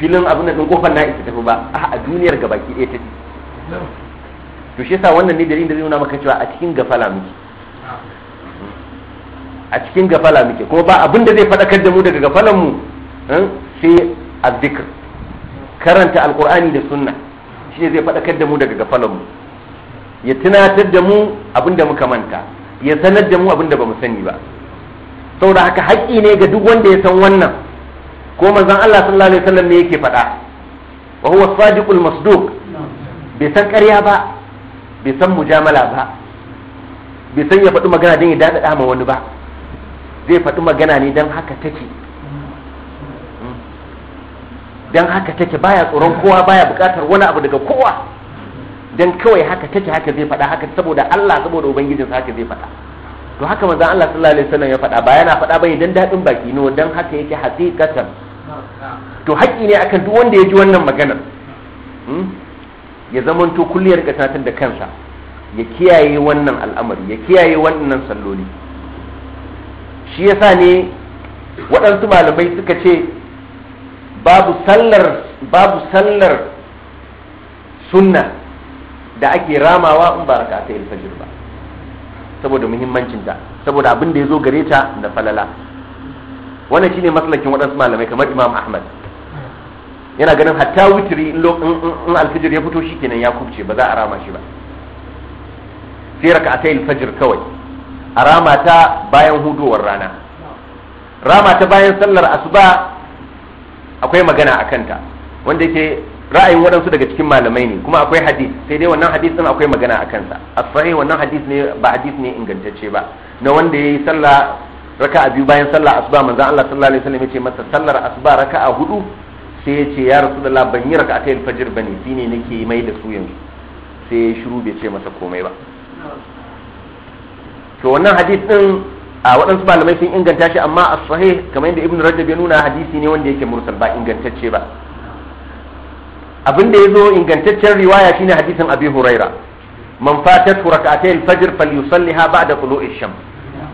[SPEAKER 1] filin abin nan kofar na ita tafi ba a duniyar ga baki ɗaya tafi to shi yasa wannan ne dalilin da zai nuna maka cewa a cikin gafala muke a cikin gafala muke kuma ba abin da zai faɗakar da mu daga gafalan mu sai azzikr karanta alqur'ani da sunna shi zai faɗakar da mu daga mu ya tunatar da mu abin da muka manta ya sanar da mu abin da bamu sani ba saboda haka haƙƙi ne ga duk wanda ya san wannan ko manzon Allah sallallahu alaihi wasallam ne yake faɗa wa huwa sadiqul masduq bai san ƙarya ba bai san mujamala ba bai san ya faɗi magana don ya daɗaɗa ma wani ba zai faɗi magana ne don haka take don haka take baya tsoron kowa baya bukatar wani abu daga kowa don kawai haka take haka zai faɗa haka saboda Allah saboda ubangijinsa haka zai faɗa to haka manzon Allah sallallahu alaihi wasallam ya faɗa ba yana faɗa ba dan daɗin baki ne don haka yake haqiqatan to haƙƙi ne akan duk wanda ya ji wannan magana hmm? ya zamanto kulliyar ƙasatan da kansa ya kiyaye wannan al'amari ya kiyaye wannan salloli shi yasa ne waɗansu malamai suka ce babu sallar babu sallar sunna da ake ramawa in ba raka ta alfajir ba saboda muhimmancinta saboda abin da ya zo gare ta da falala wannan shine maslakin waɗansu malamai kamar imam ahmad yana ganin hatta wutiri in alfajir ya fito shi kenan ya kubce ba za a rama shi ba sai raka ta kawai a rama ta bayan hudowar rana rama ta bayan sallar asuba akwai magana a kanta wanda yake ra'ayin waɗansu daga cikin malamai ne kuma akwai hadis sai dai wannan hadis din akwai magana a kansa sahi wannan hadis ne ba hadis ne ingantacce ba na wanda yayi sallah raka'a biyu bayan sallah asuba manzon Allah sallallahu alaihi wasallam yace masa sallar asuba raka'a hudu sai yace ya rasu rasulullah ban yi raka raka'a ba fajr bane shine nake mai da su yanzu sai ya shiru bai ce masa komai ba to wannan hadis din a waɗansu malamai sun inganta shi amma a sahih kamar yadda ibn rajab ya nuna hadisi ne wanda yake mursal ba ingantacce ba abin da ya zo ingantaccen riwaya shine hadisin abi huraira man fatat rak'atay al-fajr falyusalliha ba'da tulu'i shams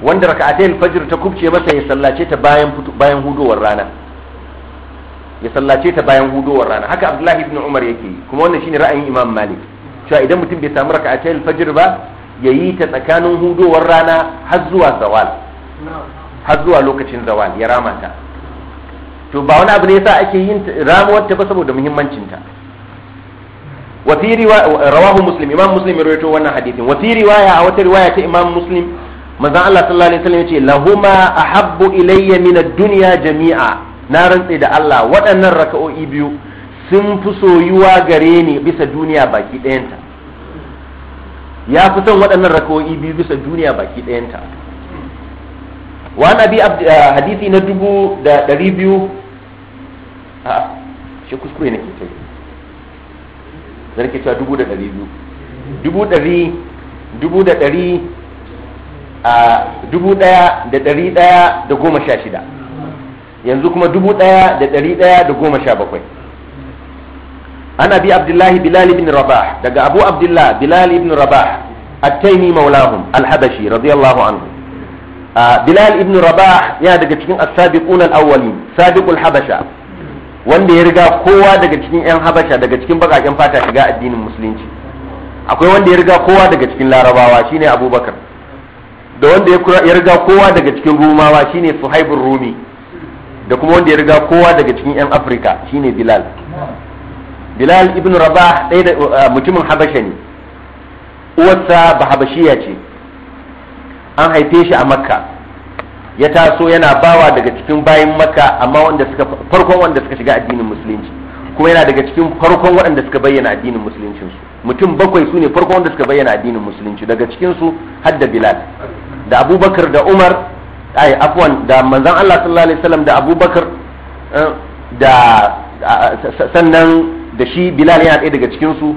[SPEAKER 1] wanda rak'atay al-fajr ta kubce masa ya sallace ta bayan bayan hudowar rana ya sallace ta bayan hudowar rana haka abdullahi ibn umar yake kuma wannan shine ra'ayin imam malik cewa idan mutum bai samu rak'atay al-fajr ba ya yi ta tsakanin hudowar rana har zuwa zawal har zuwa lokacin zawal ya rama ta to ba wani abu ne yasa ake yin ramuwar ta ba saboda muhimmancin ta wa fi rawahu muslim imam muslim ya rawaito wannan hadithin wa fi riwaya a wata riwaya ta imam muslim manzon Allah sallallahu alaihi wasallam yace lahuma ahabbu ilayya min ad-dunya jami'a na rantse da Allah waɗannan raka'o'i biyu sun fi soyuwa gare ni bisa duniya baki ɗayanta ya fi son waɗannan raka'o'i biyu bisa duniya baki ɗayanta wa na bi ah, hadisi na dubu da ɗari biyu a shi kuskure na ke tsaye zarke cewa dubu da ɗari biyu dubu dubu da ɗari a dubu ɗaya da ɗari ɗaya da goma sha shida yanzu kuma dubu ɗaya da ɗari ɗaya da goma sha bakwai ana bi abdullahi bilal ibn rabah daga abu abdullahi bilal ibn rabah at-taymi maulahum al-habashi radiyallahu anhu bilal ibn rabah yana daga cikin as-sabiqun al-awwalin sabiqul habasha wanda ya riga kowa daga cikin yan habasha daga cikin bakaken fata shiga addinin musulunci akwai wanda ya riga kowa daga cikin larabawa shine abubakar da wanda ya riga kowa daga cikin rumawa shine suhaibur rumi da kuma wanda ya riga kowa daga cikin yan afirka shine bilal bilal ibn rabah ɗaya da mutumin habasha ne uwarsa ba habashiya ce an haife shi a makka ya taso yana bawa daga cikin bayan makka amma wanda suka farkon wanda suka shiga addinin musulunci kuma yana daga cikin farkon waɗanda suka bayyana addinin su mutum bakwai su ne farkon wanda suka bayyana addinin musulunci daga cikinsu har da bilal da abubakar da umar ai afwan da manzon allah sallallahu alaihi wasallam da abubakar eh, da sannan da shi bilal yana ɗaya daga cikinsu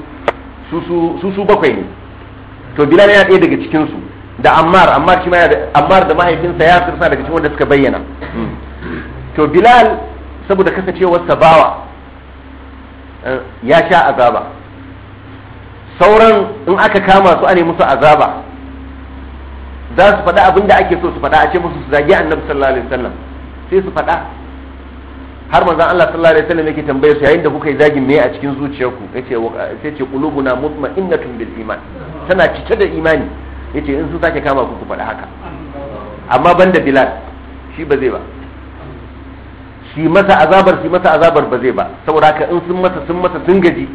[SPEAKER 1] su su bakwai ne to bilal yana ɗaya daga cikinsu da ammar ammar shi ma ammar da mahaifinsa ya sirsa daga cikin wanda suka bayyana hmm. to bilal saboda kasancewar sa bawa eh, ya sha azaba sauran in aka kama su ne musu azaba za su faɗa abin da ake so su faɗa a ce musu su zagi annabi sallallahu alaihi wasallam sai su faɗa har manzon Allah sallallahu alaihi wasallam yake tambaye su yayin da kuka yi zagin me a cikin zuciyarku yace sai ce qulubuna mutma'innatun bil iman tana cike da imani yace in su sake kama ku ku faɗi haka amma banda bilal shi ba zai ba shi masa azabar shi masa azabar ba zai ba saboda haka in sun masa sun masa sun gaji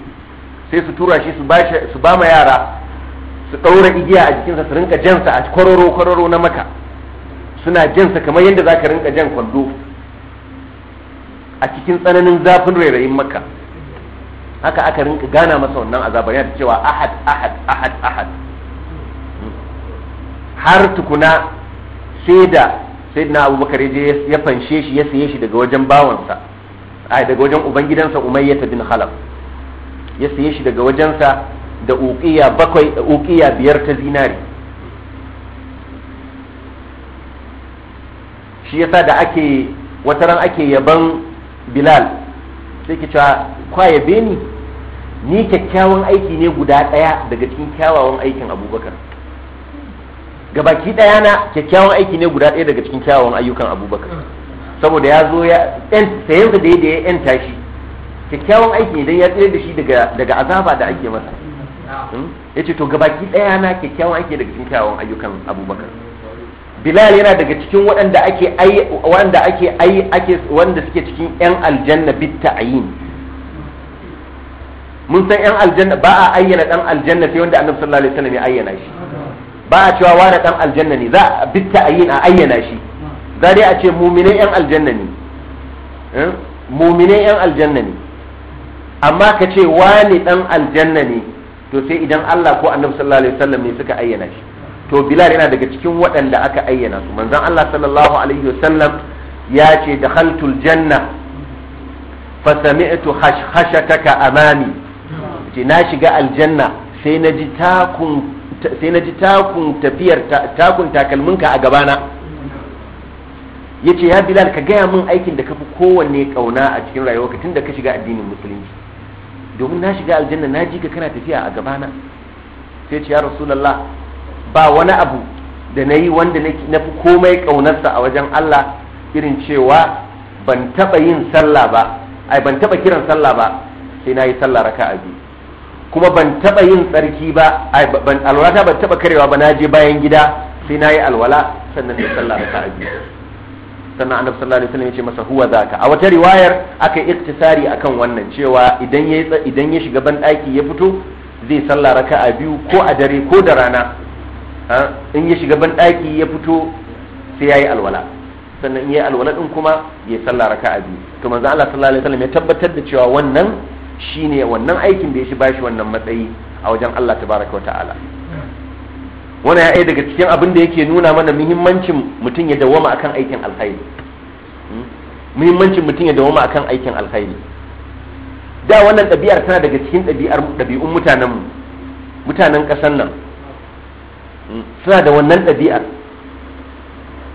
[SPEAKER 1] sai su tura shi su ba ma yara su ɗaura igiya a jikinsa su rinka jansa a kwararo kwararo na maka suna jansa kamar yadda za ka rinka jan kwallo a cikin tsananin zafin rairayin maka haka aka rinka gana masa wannan azabar yana cewa ahad ahad ahad ahad har tukuna sai da da abubakar ya fanshe shi ya saye shi daga wajen bawansa ai daga wajen ubangidansa umayyata bin khalaf ya saye shi daga wajensa da uqiya bakwai uqiya biyar ta zinari shi yasa da ake wataran ake yaban bilal sai ki cewa kwaye beni ni kyakkyawan aiki ne guda ɗaya daga cikin kyawawan aikin abubakar gabaki daya na kyakkyawan aiki ne guda ɗaya daga cikin kyawawan ayyukan abubakar saboda ya zo ya sayan da yadda ya yanta shi kyakkyawan aiki ne don ya tsere da shi daga azaba da ake masa hmm? ya ce to gabaki daya na kyakkyawan aiki daga cikin kyawawan ayyukan abubakar bilal yana daga cikin waɗanda ake waɗanda ake ai ake wanda suke cikin yan aljanna bit ta'yin mun san yan aljanna ba a ayyana dan aljanna sai wanda annabi sallallahu alaihi wasallam ya ayyana shi ba a cewa wane dan aljanna ne za a bitta yi a ayyana shi za dai a ce mumine yan aljanna ne eh? mumine yan aljanna ne amma ka ce wani dan aljanna ne to sai idan Allah ko annabi sallallahu alaihi wasallam ne suka ayyana shi to bilal yana daga cikin waɗanda aka ayyana su manzon Allah sallallahu alaihi wasallam ya ce dakhaltu janna fa sami'tu khashkashataka amami ce na shiga aljanna sai na ji takun sai na ji takun tafiyar takun takalminka a gabana ya ce ya bilal ka gaya min aikin da kafi kowanne kauna a cikin rayuwarka tun da ka shiga addinin musulunci domin na shiga aljanna na ji ka kana tafiya a gabana sai ce ya rasulallah ba wani abu da na yi wanda na fi komai kaunarsa a wajen allah irin cewa ban taba yin sallah ba ai ban taɓa kiran sallah ba sai na yi sallah raka'a biyu kuma ban taba yin tsarki ba ban alwala ban taba karewa ba na je bayan gida sai na yi alwala sannan da sallah raka'a biyu sannan annabi sallallahu alaihi wasallam ya ce masa huwa zaka a wata riwayar aka yi iktisari akan wannan cewa idan ya idan ya shiga ban daki ya fito zai sallah raka'a biyu ko a dare ko da rana in ya shiga ban daki ya fito sai yayi alwala sannan in yayi alwala din kuma ya sallah raka'a biyu to manzo Allah sallallahu alaihi wasallam ya tabbatar da cewa wannan shine wannan aikin da ya shi bashi wannan matsayi a wajen Allah tabaraka wa ta'ala wannan ya daga cikin abin da yake nuna mana muhimmancin mutum ya dawwama akan aikin alkhairi hmm? muhimmancin mutum ya dawwama akan aikin alkhairi da wannan ɗabi'ar tana daga cikin ɗabi'ar ɗabi'un mutanen mu mutanen ƙasar nan hmm? suna da wannan ɗabi'ar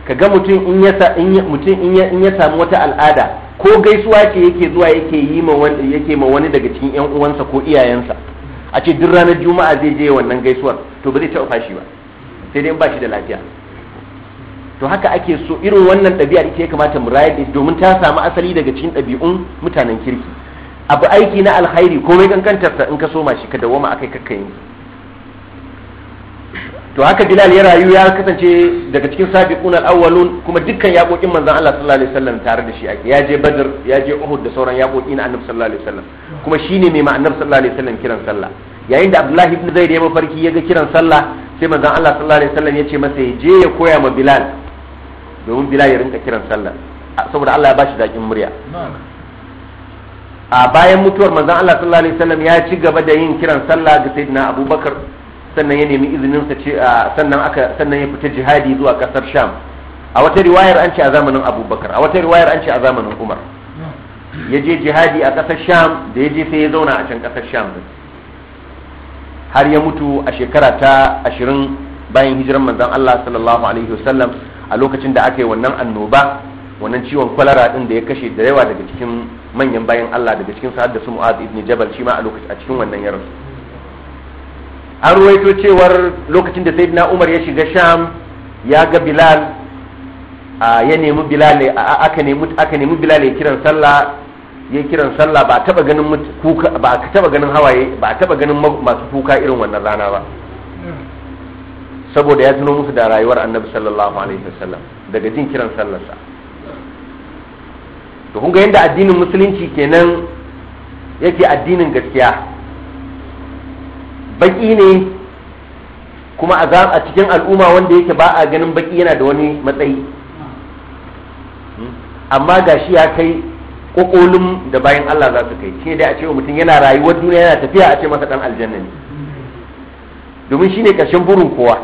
[SPEAKER 1] ka ga mutum in ya samu wata al'ada ko gaisuwa ce yake zuwa yake yi ma wani yake ma wani daga cikin yan uwansa ko iyayensa a ce duk ranar juma'a zai je wannan gaisuwar to ba zai taɓa fashi ba sai dai in ba shi da lafiya to haka ake so irin wannan ɗabi'ar ita ya kamata mu raya da domin ta samu asali daga cikin ɗabi'un mutanen kirki abu aiki na alkhairi komai kankantarsa in ka soma shi ka dawoma akai kakkayin
[SPEAKER 3] to haka bilal ya rayu
[SPEAKER 1] ya kasance daga cikin sabiqun al-awwalun kuma dukkan yaƙoƙin manzon Allah sallallahu alaihi wasallam tare da shi ake ya je badr ya je uhud da sauran yaƙoƙi na annabi sallallahu alaihi wasallam kuma shine mai ma annabi sallallahu alaihi wasallam kiran sallah yayin da abdullah ibn zaid ya mafarki ya ga kiran sallah sai manzon Allah sallallahu alaihi wasallam ya ce masa ya je ya koya ma bilal domin bilal ya rinka kiran sallah saboda Allah ya bashi dakin murya a bayan mutuwar manzon Allah sallallahu alaihi wasallam ya ci gaba da yin kiran sallah ga sayyidina abubakar sannan ya nemi izinin sa ce sannan aka sannan ya fita jihadi zuwa kasar sham a wata riwayar an ce a zamanin abubakar a wata riwayar an ce a zamanin umar ya je jihadi a kasar sham da ya je sai ya zauna a can kasar sham din har ya mutu a shekara ta ashirin bayan hijiran manzon Allah sallallahu alaihi wasallam a lokacin da aka yi wannan annoba wannan ciwon kwalara din da ya kashe da yawa daga cikin manyan bayan Allah daga cikin sa'ad da su Mu'adh ibn Jabal shi ma a lokacin a cikin wannan ya an ruwaito cewar lokacin da sayyidina umar ya shiga sham ya ga bilal a ya nemi bilal aka nemi aka nemi bilal ya kiran sallah ya kiran sallah ba taba ganin kuka ba taba ganin hawaye ba taba ganin masu kuka irin wannan rana ba saboda ya tuno musu da rayuwar annabi sallallahu alaihi wasallam daga jin kiran sallarsa to kun ga yadda addinin musulunci kenan yake addinin gaskiya baki ne kuma a cikin al'umma wanda yake ba a ganin baki yana da wani matsayi amma ga shi ya kai kokolin da bayan Allah za su kai shi dai a ce mutum yana rayuwar duniya yana tafiya a ce masa dan aljanna ne domin ne karshen burin kowa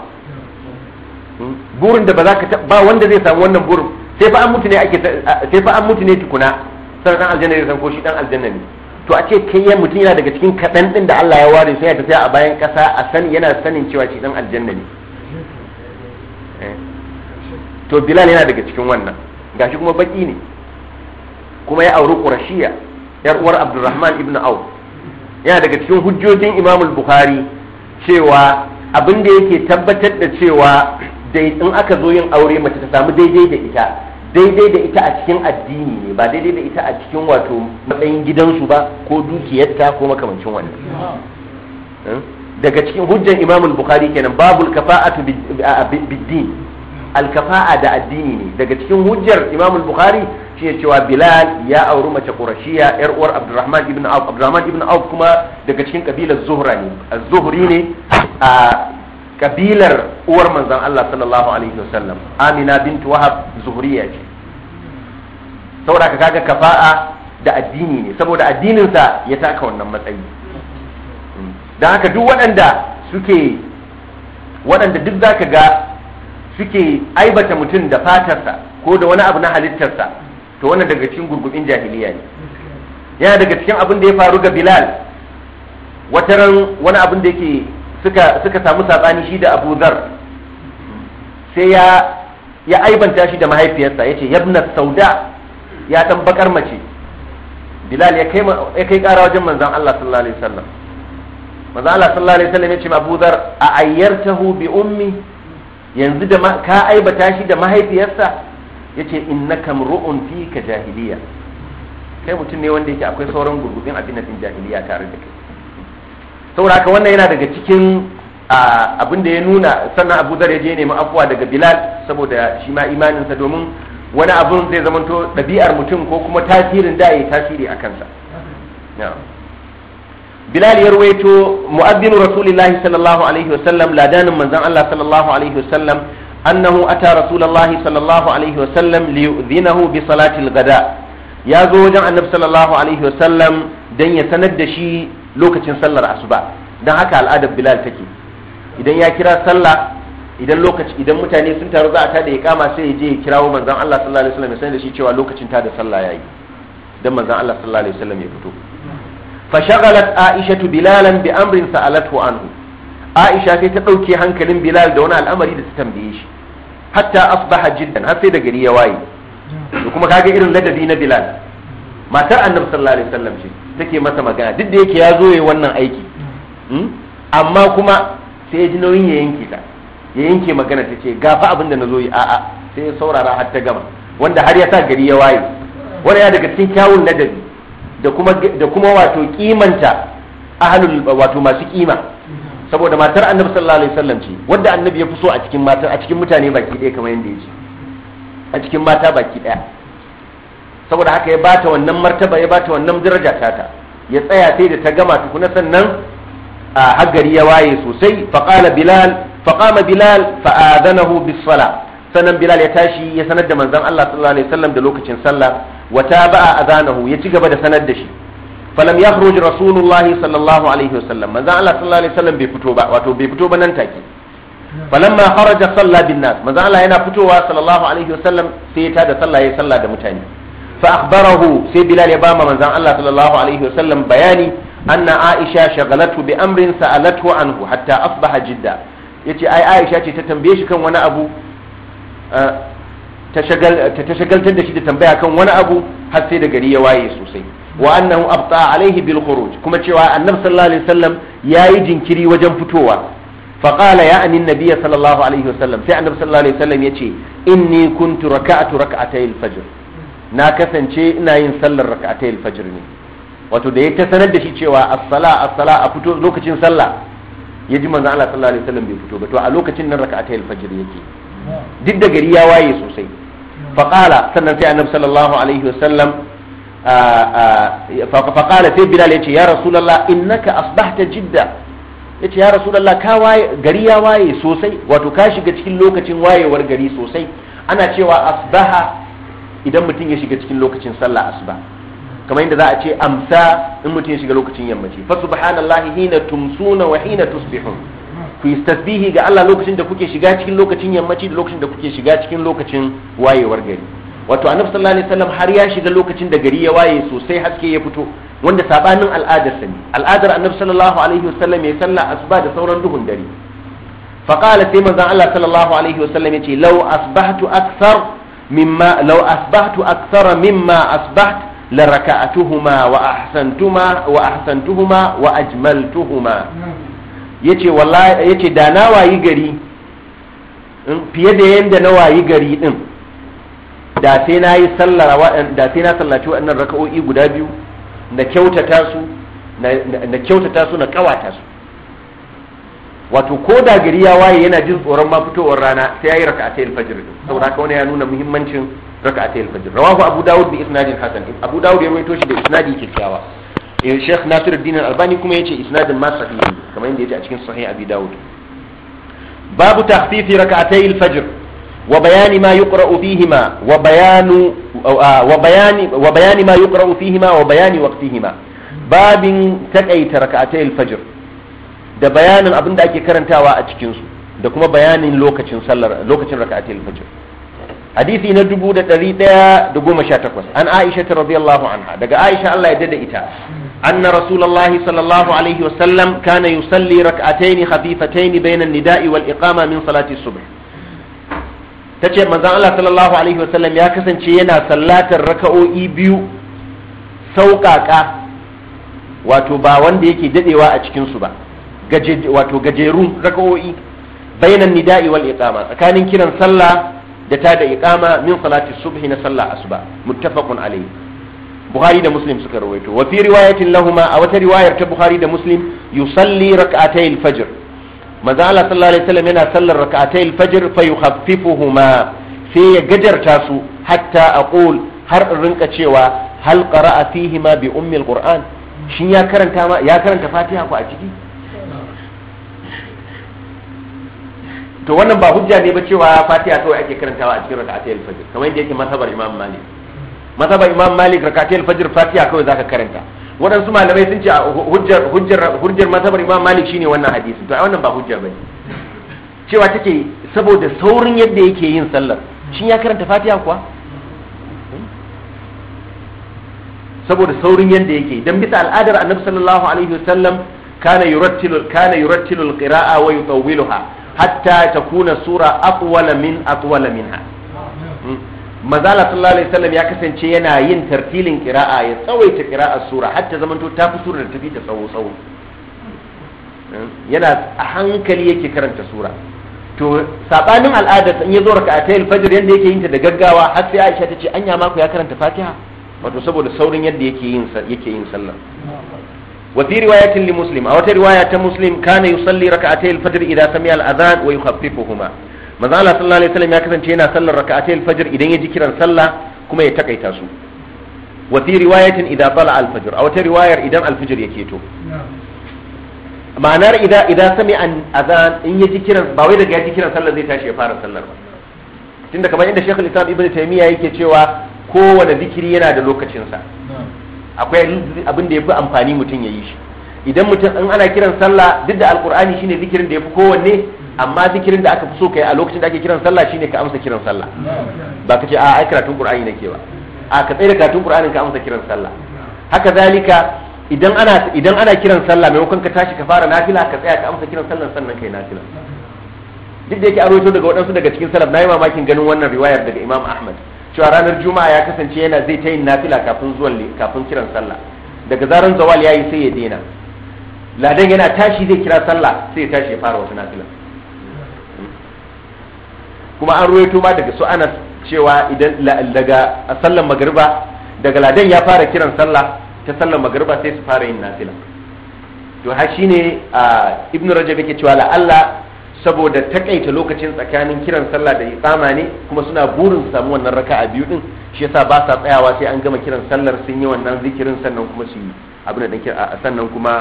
[SPEAKER 1] burin da ba za ka ba wanda zai samu wannan burin sai fa an mutu ne ake sai fa an mutu ne tukuna sannan ɗan aljanna zai san ko shi dan aljanna ne to a ce kai ya mutum yana daga cikin kaɗan ɗin da Allah ya ware su ya tafi a bayan ƙasa a sani yana sanin cewa shi ɗan aljanna ne eh. to bilal yana daga cikin wannan gashi kuma baki ne kuma ya auri ƙurashiya yar uwar abdurrahman ibn au yana daga cikin hujjojin imam bukhari cewa abin da yake tabbatar da cewa in aka zo yin aure mace ta samu daidai da ita daidai da ita a cikin addini ne ba daidai da ita a cikin wato matsayin gidansu ba ko dukiyarta ko makamancin wannan hmm? daga cikin hujjan imam bukhari kenan babu kafa'atu biddin alkafa'a da addini ne daga cikin hujjar imam bukhari shi ne cewa bilal ya auri mace qurashiya yar uwar abdurrahman ibn auf abdurrahman ibn auf kuma daga cikin kabilar zuhra ne az-zuhri ne kabilar uwar manzan Allah sallallahu alaihi wasallam Amina bintu Wahab Zuhriya ce saboda kaga kafa'a da addini ne saboda addinin sa ya taka wannan matsayi dan haka duk waɗanda suke waɗanda duk zaka ga suke aibata mutum da fatarsa ko da wani abu na halittarsa to wannan daga cikin gurgumin jahiliya ne yana daga cikin abin da ya faru ga bilal wataran wani abin da yake suka suka samu sabani shi da Abu Dharr sai ya ya aibanta shi da mahaifiyarsa yace yabna sauda ya tambakar mace Bilal ya kai ya kai ƙara wajen manzon Allah sallallahu alaihi wasallam manzon Allah sallallahu alaihi wasallam yace ma Abu Dharr a ayyartahu bi ummi yanzu da ka aibata shi da mahaifiyarsa yace innaka mru'un fika jahiliya kai mutum ne wanda yake akwai sauran gurgubin abin jahiliya tare da kai saboda haka wannan yana daga cikin abin da ya nuna sannan abu zar ya je nemi afuwa daga bilal saboda shi ma imaninsa domin wani abin zai to ɗabi'ar mutum ko kuma tasirin da ya tasiri a kansa bilal ya ruwaito mu'addinu rasulillahi sallallahu alaihi wasallam ladanin manzon Allah sallallahu alaihi wasallam annahu ata rasulullahi sallallahu alaihi wasallam yu'dhinahu bi salatil ghada ya zo wajen annabi sallallahu alaihi wasallam dan ya sanar da shi lokacin sallar asuba don haka al'adar bilal take idan ya kira sallah idan lokaci idan mutane sun taru za a tada ya kama sai ya je ya kirawo manzon Allah sallallahu alaihi wasallam sai da shi cewa lokacin tada sallah yayi dan manzon Allah sallallahu alaihi wasallam ya fito fa Aisha aishatu bilalan bi amrin sa'alathu anhu aisha sai ta dauke hankalin bilal da wani al'amari da ta tambaye shi hatta asbaha jiddan har sai da gari ya waye kuma kaga irin ladabi na bilal matar annabi sallallahu alaihi wasallam ce take masa magana duk da yake ya zo yayi wannan aiki hmm? amma kuma sai ji nauyin ya yanke ta ya yanke magana ta ce gafa abin da na zo yi a'a sai ya saurara har ta gama wanda har ya sa gari ya waye wanda ya daga cikin kyawun ladabi da kuma da kuma wato kimanta ahlul wato masu kima saboda matar annabi sallallahu alaihi wasallam ce wanda annabi ya fi so a cikin mata a cikin mutane baki ɗaya kamar yadda ya ce a cikin mata baki ɗaya saboda haka ya bata wannan martaba ya bata wannan daraja tata ya tsaya sai da ta gama tukuna sannan a haggari ya waye sosai faqala bilal faqama bilal fa'adanahu bis sala sannan bilal ya tashi ya sanar da manzon Allah sallallahu alaihi wasallam da lokacin sallah wa taba'a adanahu ya ci gaba da sanar da shi falam yakhruj rasulullah sallallahu alaihi wasallam manzon Allah sallallahu alaihi wasallam bai fito ba wato bai fito ba nan take falamma kharaja salla bin nas manzon Allah yana fitowa sallallahu alaihi wasallam sai ya tada sallah ya sallah da mutane فأخبره سي بلال يباما من زان الله صلى الله عليه وسلم بياني أن عائشة شغلته بأمر سألته عنه حتى أصبح جدا يتي أي عائشة تتنبيش كان وانا أبو تشغل تندشي تتنبيه كان وانا أبو حتى دقري يواي سوسي وأنه أبطأ عليه بالخروج كما تشوى النبي صلى الله عليه وسلم ياي جنكري وجن فتوى فقال يا أن النبي صلى الله عليه وسلم سي النبي صلى الله عليه وسلم يتي إني كنت ركعت ركعتي الفجر na kasance ina yin sallar rak'atayil alfajir ne wato da ya ta sanar da shi cewa as-sala as-sala a fito lokacin sallah ya ji manzon Allah sallallahu alaihi wasallam bai fito ba to a lokacin nan rak'atayil alfajir yake duk da gari ya waye sosai faqala sannan sai annabi sallallahu alaihi wasallam faqala sai bilal yace ya rasulullah innaka asbahta jidda yace ya rasulullah ka waye gari ya waye sosai wato ka shiga cikin lokacin wayewar gari sosai ana cewa asbaha idan mutum ya shiga cikin lokacin sallah asuba kamar yadda za a ce amsa in mutum ya shiga lokacin yammaci fa subhanallahi hina tumsuna wa hina tusbihun ku yi tasbihi ga Allah lokacin da kuke shiga cikin lokacin yammaci da lokacin da kuke shiga cikin lokacin wayewar gari wato annabi sallallahu alaihi wasallam har ya shiga lokacin da gari ya waye sosai haske ya fito wanda sabanin al'adar sani al'adar annabi sallallahu alaihi wasallam ya salla asuba da sauran duhun dare faqala sai manzon Allah sallallahu alaihi wasallam ya ce law asbahtu akthar mimma law asbahtu akthara mimma asbaht la raka'atuhuma wa ahsantuma ahsantuhuma wa ajmaltuhuma yace wallahi yace da na wayi gari fiye da yanda na wayi gari din da sai na yi sallar da sai na sallaci waɗannan raka'o'i guda biyu na kyautata su na kyautata su na kawata su wato ko da gari ya waye yana jin tsoron ma fitowar rana sai yayi raka'atay al-fajr saboda haka wannan ya nuna muhimmancin raka'atay al-fajr rawahu abu daud bi isnadin hasan abu daud ya rawaito shi da isnadi kyakkyawa eh, Sheikh Nasiruddin Al-Albani kuma yace isnadin ma sahih kamar yadda yace a cikin sahih Abi Dawud babu takhfifi raka'atay al-fajr wa bayani ma yuqra'u fihima wa bayanu uh, uh, wa bayani wa bayani ma yuqra'u fihima wa bayani waqtihima babin takaita raka'atay al-fajr da bayanin abin da ake karantawa a cikinsu da kuma bayanin lokacin sallar lokacin raka'atul fajr hadisi na 1118 an Aisha radiyallahu anha daga Aisha Allah ya dada ita anna rasulullahi sallallahu alaihi sallam kana yusalli rak'atayn khafifatayn bayna an-nida'i wal iqama min salati subh tace manzon Allah sallallahu alaihi sallam ya kasance yana sallatar raka'o'i biyu sauƙaƙa wato ba wanda yake dadewa a cikin su ba wato gajerun raka'o'i bainan nida'i wal iqama tsakanin kiran sallah da ta da iqama min salati subhi na sallah asuba muttafaqun alayhi buhari da muslim suka rawaito wa fi riwayatin lahuma a wata riwayar ta buhari da muslim yusalli rak'atay al-fajr manzo Allah sallallahu alaihi wasallam yana sallar rak'atay al-fajr fa yukhaffifuhuma sai ya gajarta su hatta aqul har in rinka cewa hal qara'a fihima bi ummi al shin ya karanta ya karanta fatiha ko a ciki to wannan ba hujja ne ba cewa fatiha kawai ake karantawa a cikin rakatai alfajir kamar yadda yake masabar imam malik masabar imam malik rakatai alfajir fatiha kawai zaka karanta waɗansu malamai sun ce hujjar hujjar hujjar masabar imam malik shine wannan hadisi to ai wannan ba hujja bane cewa take saboda saurin yadda yake yin sallar shin ya karanta fatiha kuwa saboda saurin yadda yake dan bisa al'adar annabi sallallahu alaihi wasallam kana yurattilu kana yurattilu alqira'a wa yutawwiluha hatta ta kuna sura aqwala min aqwala minha hmm. mazala sallallahu alaihi wasallam ya kasance yana yin tartilin qira'a ya tsawaita qira'ar sura hatta zamanto ta fi sura da fi ta tsawo tsawo hmm. yana a hankali yake karanta sura to sabanin al'ada in ya zo raka a tayil fajr yanda yake yin ta da gaggawa har sai Aisha ta ce anya mako ya karanta Fatiha wato saboda saurin yadda yake yin yake yin sallah wa fi riwayatin li muslim a wata riwaya ta muslim kana yusalli raka'atay al-fajr idza sami'a al-adhan wa yukhaffifuhuma manzo Allah sallallahu ya kasance yana sallar raka'atay al idan ya ji kiran sallah kuma ya takaita su wa fi riwayatin idza tala a wata riwayar idan al-fajr yake to ma'anar idza idza sami'a al daga ya ji kiran sallah zai tashi ya fara sallar ba tunda kamar inda Sheikh al-Islam Ibn Taymiyyah yake cewa kowane zikiri yana da lokacinsa akwai abin da fi amfani mutum ya yi shi idan mutum in ana kiran sallah duk da alkur'ani shine zikirin da ya fi kowanne amma zikirin da aka fi so kai a lokacin da ake kiran sallah shine ka amsa kiran sallah ba ka ce a ai karatun qur'ani nake ba a ka tsaya karatun qur'anin ka amsa kiran sallah haka zalika idan ana idan ana kiran sallah maimakon ka tashi ka fara nafila ka tsaya ka amsa kiran sallah sannan kai nafila duk da yake a daga waɗansu daga cikin salaf na yi mamakin ganin wannan riwayar daga imam ahmad cewa ranar juma'a ya kasance yana zai ta yin nafila kafin zuwan kafin kiran sallah daga zaran zawal yayi sai ya daina ladan yana tashi zai kira sallah sai ya tashi ya fara wasu nafila kuma an ruwaito ma daga su anas cewa idan daga sallar magriba daga ladan ya fara kiran sallah ta sallar magriba sai su fara yin nafila to har shine ibnu rajab yake cewa la Allah saboda takaita lokacin tsakanin kiran sallah da itsama ne kuma suna burin su samu wannan raka'a biyu din shi yasa ba sa tsayawa sai an gama kiran sallar sun yi wannan zikirin sannan kuma su yi abin da sannan kuma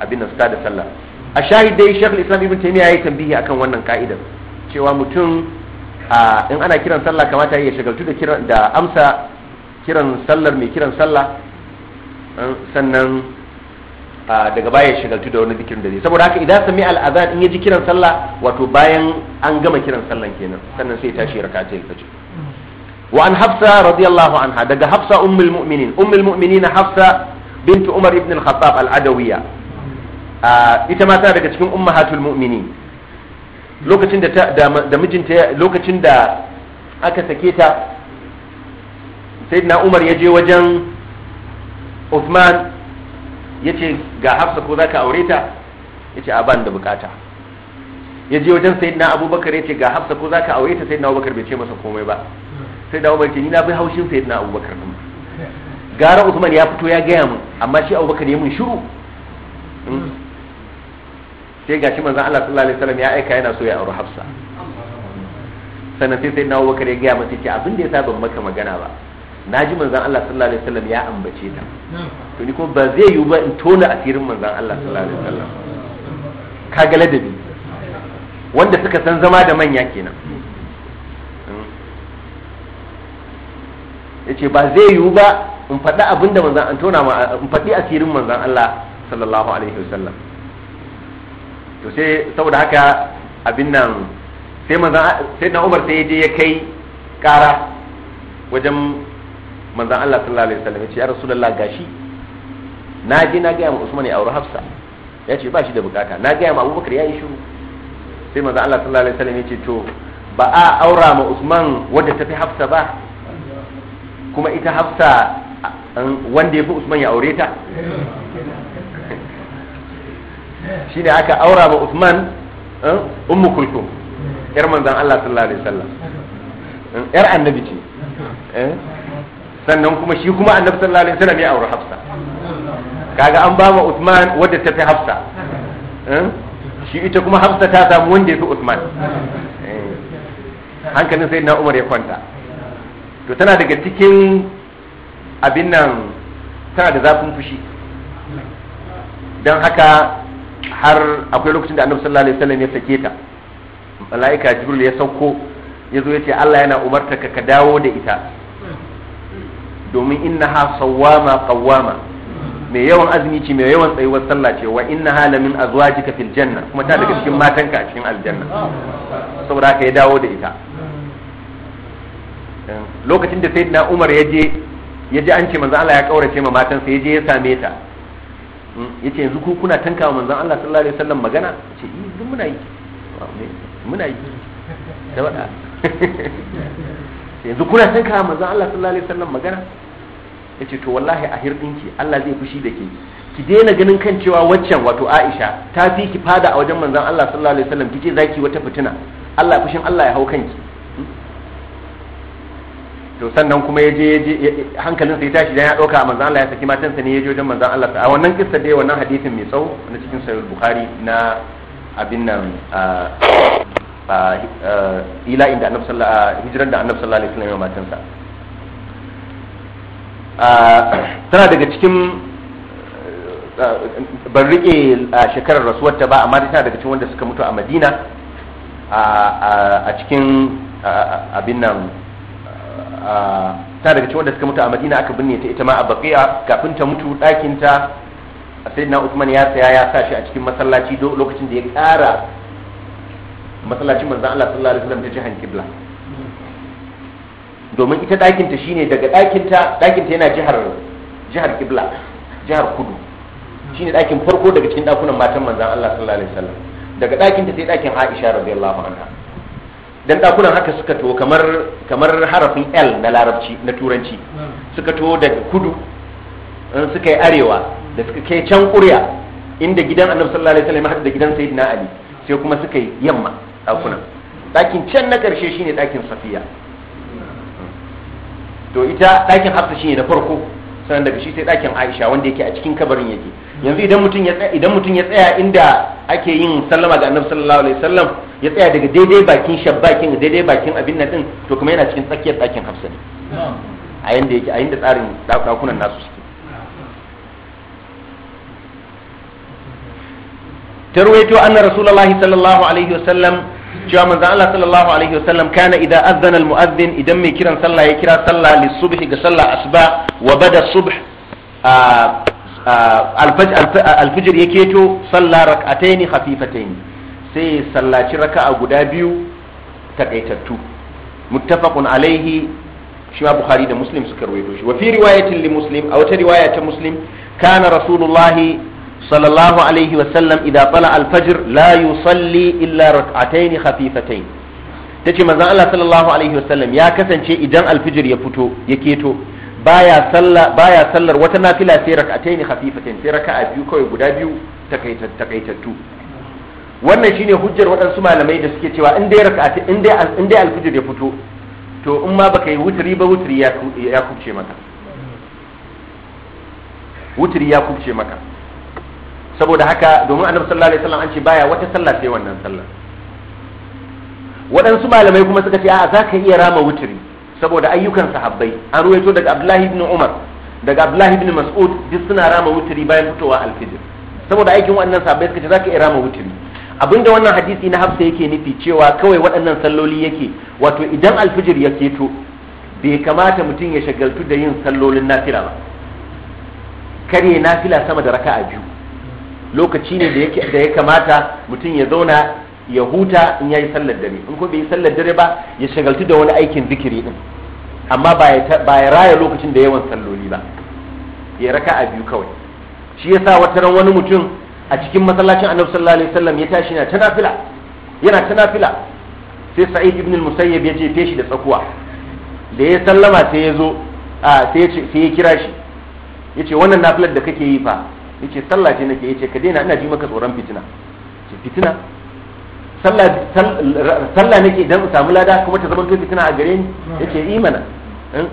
[SPEAKER 1] abin da suka da sallah a shahid dai shekul islam ibn taymiya yayi tambihi akan wannan ka'idar cewa mutum in ana kiran sallah kamata ya shagaltu da kiran da amsa kiran sallar mai kiran sallah sannan daga baya ya shagaltu da wani zikirin da zai saboda haka idan sami al'azan in ya ji kiran sallah wato bayan an gama kiran sallan kenan sannan sai ya tashi raka ta fajr wa an hafsa radiyallahu anha daga hafsa ummul mu'minin ummul mu'minin hafsa bint umar ibn al-khattab al-adawiyya ita ma tana daga cikin ummahatul mu'minin lokacin da da mijinta lokacin da aka sake ta sayyidina umar ya je wajen Uthman yace ga hafsa ko zaka aure ta yace a ban da bukata yaje wajen sai na abubakar yace ga hafsa ko zaka aure ta sai na abubakar bai ce masa komai ba sai da abubakar ce ni na bi haushin sai na abubakar kuma gara usman ya fito ya gaya mun amma shi abubakar ya mun shiru hmm. sai gashi manzon Allah sallallahu alaihi wasallam ya aika yana so ya aure hafsa sannan sai sai na abubakar ya gaya masa yace abin da ya sa maka magana ba na ji manzan Allah sallallahu alaihi wasallam ya ambace ta to ni kuma ba zai yiwu ba in tona asirin manzan Allah sallallahu alaihi wasallam da ladabi wanda suka san zama da manya kenan
[SPEAKER 2] hmm.
[SPEAKER 1] yace ba zai yiwu ba in faɗi abinda manzan an tona ma in faɗi asirin manzan Allah sallallahu alaihi wasallam to sai saboda haka abin nan sai manzan sai na Umar sai ya je ya kai kara wajen manzan Allah sallallahu alaihi wasallam yace ya rasulullah gashi na je na ga ma Usman ya auri Hafsa yace ba shi da bukata na ga ma Abubakar yayi shiru sai manzan Allah sallallahu alaihi wasallam yace to ba a aura ma Usman wanda tafi Hafsa ba kuma ita Hafsa wanda ya fi Usman ya aure ta
[SPEAKER 2] shine aka aura ma
[SPEAKER 1] Usman ummu kulkum yar manzan Allah sallallahu alaihi wasallam yar annabi ce eh? sannan kuma shi kuma annabi sallallahu alaihi wasallam ya auri hafsa kaga an ba ma usman wadda ta fi hafsa hmm? shi ita kuma hafsa ta samu wanda ya fi usman eh. hankalin sai na umar ya kwanta to tana daga cikin abin nan tana da zafin fushi don haka har akwai lokacin da annabi sallallahu alaihi wasallam ya sake ta mala'ika jibril ya sauko ya zo ya ce Allah yana umarta ka dawo da ita domin innaha sawwama qawwama mai yawan azumi ce mai yawan tsayuwar sallah ce wa innaha lamin azwajika fil janna kuma ta daga cikin matanka a cikin aljanna saboda haka ya dawo da ita lokacin da sayyidina Umar ya je ya ji an ce manzon Allah ya kaurace ma matansa ya je ya same ta yace yanzu ku kuna tanka wa manzon Allah sallallahu alaihi wasallam magana ce eh, duk muna yi muna yi ta yanzu kuna san ka manzon Allah sallallahu alaihi wasallam magana yace to wallahi a hirdinki Allah zai fushi da ke ki daina ganin kan cewa waccan wato Aisha ta fi ki fada a wajen manzon Allah sallallahu alaihi wasallam kike zaki wata fitina Allah fushin Allah ya hau kanki hmm? to sannan kuma ya je hankalin sai tashi dan ya dauka manzon Allah ya saki matansa ne ya je wajen manzon Allah a wannan kissa dai wannan hadisin mai tsawo na cikin sahih Bukhari na abin nan ah, ila'in da annabi sallallahu hijiran da annabi sallallahu alaihi wasallam ya matansa tana daga cikin ban rike shekarar rasuwar ta ba amma tana daga cikin wanda suka mutu a madina a cikin abin nan tana daga cikin wanda suka mutu a madina aka binne ta ita ma a baqiya kafin ta mutu ɗakinta sayyidina usman ya saya ya sa shi a cikin masallaci lokacin da ya ƙara masallacin manzan Allah sallallahu alaihi wasallam ta jihan kibla domin ita ɗakinta shine daga ɗakinta ta yana jihar jihar kibla jihar kudu shine ɗakin farko daga cikin ɗakunan matan manzan Allah sallallahu alaihi wasallam daga ɗakinta sai ɗakin Aisha radiyallahu anha dan ɗakunan haka suka to kamar kamar harafin L na larabci na turanci suka to daga kudu suka yi arewa da suka kai can ƙurya inda gidan annabi sallallahu alaihi wasallam da gidan sayyidina Ali sai kuma suka yi yamma ɗakunan ɗakin can na ƙarshe shine ɗakin safiya to ita ɗakin hafsa shine na farko sannan daga shi sai ɗakin aisha wanda yake a cikin kabarin yake yanzu idan mutum ya idan mutum ya tsaya inda ake yin sallama ga annabi sallallahu alaihi wasallam ya tsaya daga daidai bakin shabbakin daidai bakin abin nan din to kuma yana cikin tsakiyar ɗakin hafsa ne a yanda yake a yanda tsarin ɗakunan nasu suke ta ruwaito anna rasulullahi sallallahu alaihi wasallam cewa manzon Allah sallallahu alaihi wasallam kana idan azzana almu'adhdhin idan mai kiran sallah ya kira sallah lisubhi ga sallah asuba wa bada subh alfajir ya keto sallah rak'ataini khafifataini sai sallaci raka'a guda biyu takaitattu muttafaqun alaihi shi ma bukhari da muslim suka ruwaito shi wa fi riwayatin li muslim a wata riwaya ta muslim kana rasulullahi صلى الله عليه وسلم إذا طلع الفجر لا يصلي إلا ركعتين خفيفتين تجي مزان الله صلى الله عليه وسلم يا كسن شيء إذا الفجر يفتو يكيتو baya sallah baya sallar wata nafila sai rak'atayn khafifatain sai raka'a كوي kawai guda biyu takaitattu wannan shine hujjar waɗansu malamai da suke cewa in dai rak'ati in dai in dai alfijir ya fito to in ma baka yi wutri ba wutri ya ya kubce maka wutri ya kubce maka saboda haka domin annabi sallallahu alaihi wasallam an ce baya wata sallah sai wannan sallah waɗansu malamai kuma suka ce a za ka iya rama wuturi saboda ayyukan sahabbai an ruwaito daga abdullahi ibn umar daga abdullahi ibn mas'ud duk suna rama wuturi bayan fitowa alfijir saboda aikin waɗannan sahabbai suka ce za ka iya rama wuturi abinda wannan hadisi na hafsa yake nufi cewa kawai waɗannan salloli yake wato idan alfijir ya keto bai kamata mutum ya shagaltu da yin sallolin nafila ba kare nafila sama da raka'a biyu lokaci ne da ya kamata mutum ya zauna ya huta in ya yi sallar dare in ko bai yi sallar dare ba ya shagaltu da wani aikin zikiri din amma ba ya raya lokacin da yawan salloli ba ya raka a biyu kawai shi ya sa wata ran wani mutum a cikin masallacin annabi sallallahu alaihi wasallam ya tashi na tanafila yana tanafila sai sa'id ibn al-musayyib ya jefe shi da tsakuwa da ya sallama sai ya zo sai ya kira shi ya ce wannan nafilar da kake yi fa yace sallah ce nake yace ka daina ina ji maka tsoron fitina ce fitina sallah nake dan samu lada kuma ta zama fitina a gare ni yace imana eh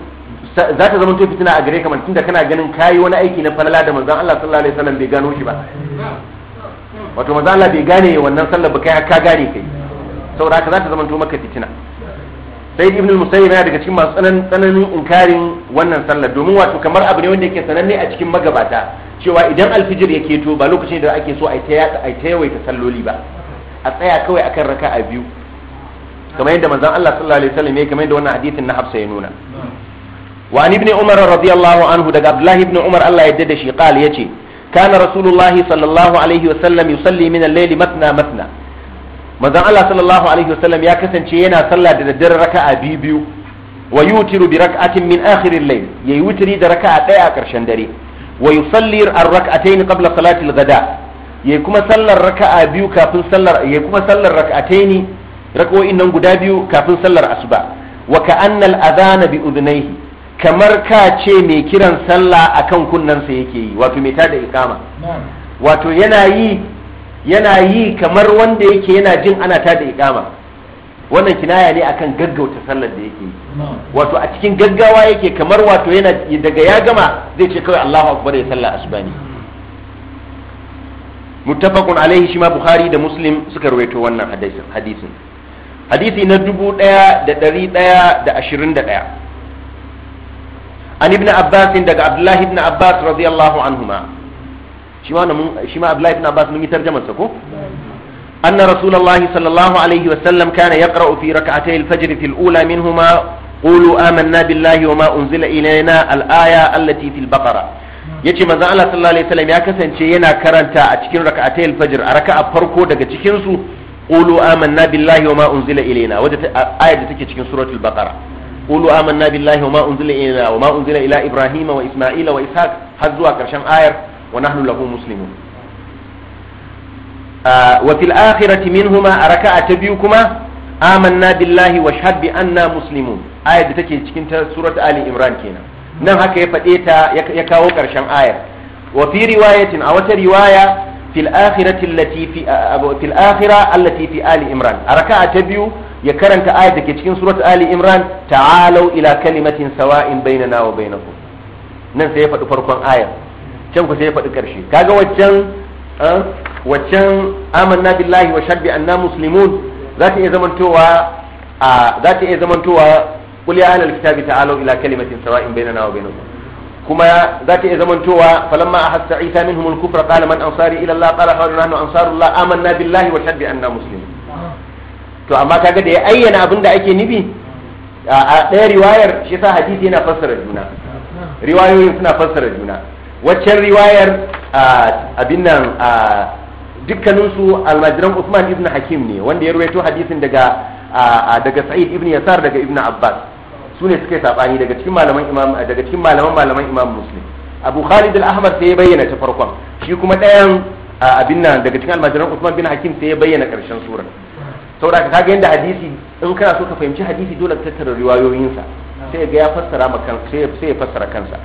[SPEAKER 1] za ta zama fitina a gare ka man tunda kana ganin kayi wani aiki na falala da manzon Allah sallallahu alaihi wasallam bai gano shi ba
[SPEAKER 2] wato manzon Allah bai
[SPEAKER 1] gane wannan sallar ba kai ka gane kai saboda haka za ta zama maka fitina sai ibn musayyib yana daga cikin masu tsananin inkarin wannan sallar domin wato kamar abu ne wanda yake sananne a cikin magabata cewa idan alfijir yake to ba lokacin da ake so a ta yawaita salloli ba a tsaya kawai akan raka'a biyu kamar yadda manzon Allah sallallahu alaihi wasallam ya kamar yadda wannan hadisin na Hafsa ya nuna wa ibn Umar radiyallahu anhu daga Abdullah ibn Umar Allah ya da shi qal yace kana rasulullahi sallallahu alaihi wasallam yusalli min al-layli matna matna manzon Allah sallallahu alaihi wasallam ya kasance yana sallah da daddare raka'a biyu biyu wa yutiru bi rak'atin min akhir al-layl yayi wutiri da raka'a daya a karshen dare wa yusalli ar-rak'atayn qabla salati al-ghada yayi kuma sallar raka'a biyu kafin sallar yayi kuma sallar rak'atayn rak'o'in nan guda biyu kafin sallar asuba wa ka'anna al-adhana bi udhnayhi kamar ka ce mai kiran sallah akan kunnansa yake yi wato mai tada ikama wato yana yi yana yi kamar wanda yake yana jin ana ta da ikama wannan kinaya ne akan gaggauta sallar da yake wato a cikin gaggawa yake kamar wato yana daga ya gama zai ce kawai Allahu akbar ya sallah asbani muttafaqun alaihi shi ma Bukhari da Muslim suka rawaito wannan hadisin hadisi na dubu ɗaya da ɗari ɗaya da ashirin da ɗaya an ibn Abbas daga Abdullahi ibn Abbas radiyallahu anhuma shi ma abu laifin Abbas mun yi tarjumar sa ko anna rasulullahi sallallahu alaihi wa sallam kana yaqra'u fi rak'atay al-fajr fi al-ula minhuma qulu amanna billahi wa ma unzila ilayna al-aya allati fi al-baqara yace manzo Allah sallallahu alaihi wasallam ya kasance yana karanta a cikin rak'atay al-fajr a raka'a farko daga cikin su qulu amanna billahi wa ma unzila ilayna wadda ayat da take cikin suratul baqara amanna billahi wa قولوا آمنا بالله وما أنزل إلينا وما أنزل إلى إبراهيم وإسماعيل وإسحاق حزوا كرشان ayar wa nahnu lahu muslimun ah, wa fil akhirati minhuma a raka'a ta biyu kuma amanna billahi wa shahad bi anna muslimun ayar da take cikin ta surat imran kenan nan haka ya faɗe ya kawo ƙarshen ayar wa riwayatin a wata riwaya fil akhirati allati latifi fil imran a raka'a ta biyu ya karanta ayar da ke cikin surat ali imran ta'alau ila kalimatin sawa'in bainana wa bainakum nan sai ya faɗi farkon ayar can ku sai ya faɗi ƙarshe kaga waccan waccan amanna billahi wa shaddi anna muslimun za ta iya zamantowa za ta iya zamantowa qul ya ahlal kitabi ta'alu ila kalimatin sawa'in bainana wa bainakum kuma za ta iya zamantowa falamma ahassa isa minhum al-kufra qala man ansari ila allah qala hawla nahnu ansarullah amanna billahi wa shaddi anna muslimun to amma kaga da ya ayyana abin da ake nufi a ɗaya riwayar shi sa hadisi yana fassara juna riwayoyin suna fassara juna waccan riwayar abin nan dukkaninsu almajiran usman ibn hakim ne wanda ya ruwaito hadisin daga daga sa'id ibn yasar daga ibn abbas su ne suka yi sabani daga cikin malaman imam daga cikin malaman malaman imam muslim abu khalid al-ahmar sai ya bayyana ta farkon shi kuma ɗayan abin nan daga cikin almajiran usman bin hakim sai ya bayyana ƙarshen sura saboda ka ga yadda hadisi in kana so ka fahimci hadisi dole ka tattara riwayoyinsa sai ga ya fassara sai ya fassara kansa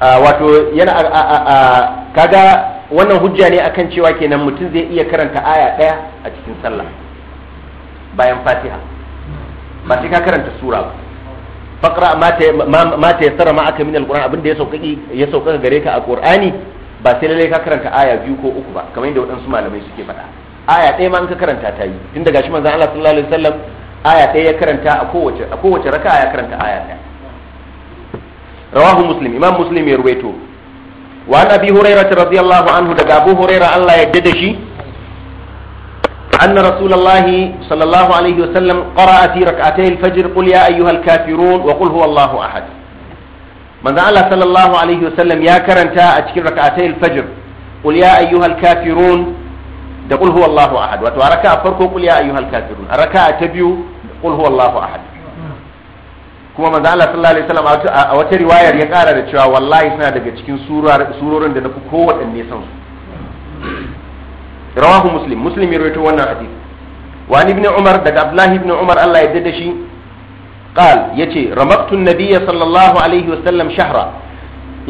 [SPEAKER 1] wato yana a kaga wannan hujja ne akan cewa kenan mutum zai iya karanta aya ɗaya a cikin sallah bayan fatiha ba sai ka karanta sura ba faqra ma ta yassara ma aka min alquran abin da ya saukaki ya saukaka gare ka a qur'ani ba sai lalle ka karanta aya biyu ko uku ba kamar yadda waɗansu malamai suke faɗa aya ɗaya ma in ka karanta ta yi tun daga shi manzon Allah sallallahu alaihi wasallam aya ɗaya ya karanta a kowace a kowace raka'a ya karanta aya ɗaya rawahu muslim imam muslim ya wa an abi hurayra radiyallahu anhu daga abu hurayra Allah ya dade shi anna rasulullah sallallahu alaihi wasallam qara'a fi rak'atayil fajr qul ya ayyuha al-kafirun wa qul huwa Allahu ahad manzo Allah sallallahu alaihi wasallam ya karanta a cikin rak'atayil fajr qul ya kafirun da qul huwa Allahu ahad wato raka'a farko qul ya kafirun raka'a ta biyu qul huwa Allahu ahad kuma manzo Allah sallallahu alaihi wasallam a wata riwayar ya kara da cewa wallahi suna daga cikin surorin da nafi kowaɗanne san su rawahu muslim muslim ya rawaito wannan hadith wa ibn umar daga abdullahi ibn umar Allah ya dade shi qal yace ramaktu nabiyya sallallahu alaihi wasallam shahra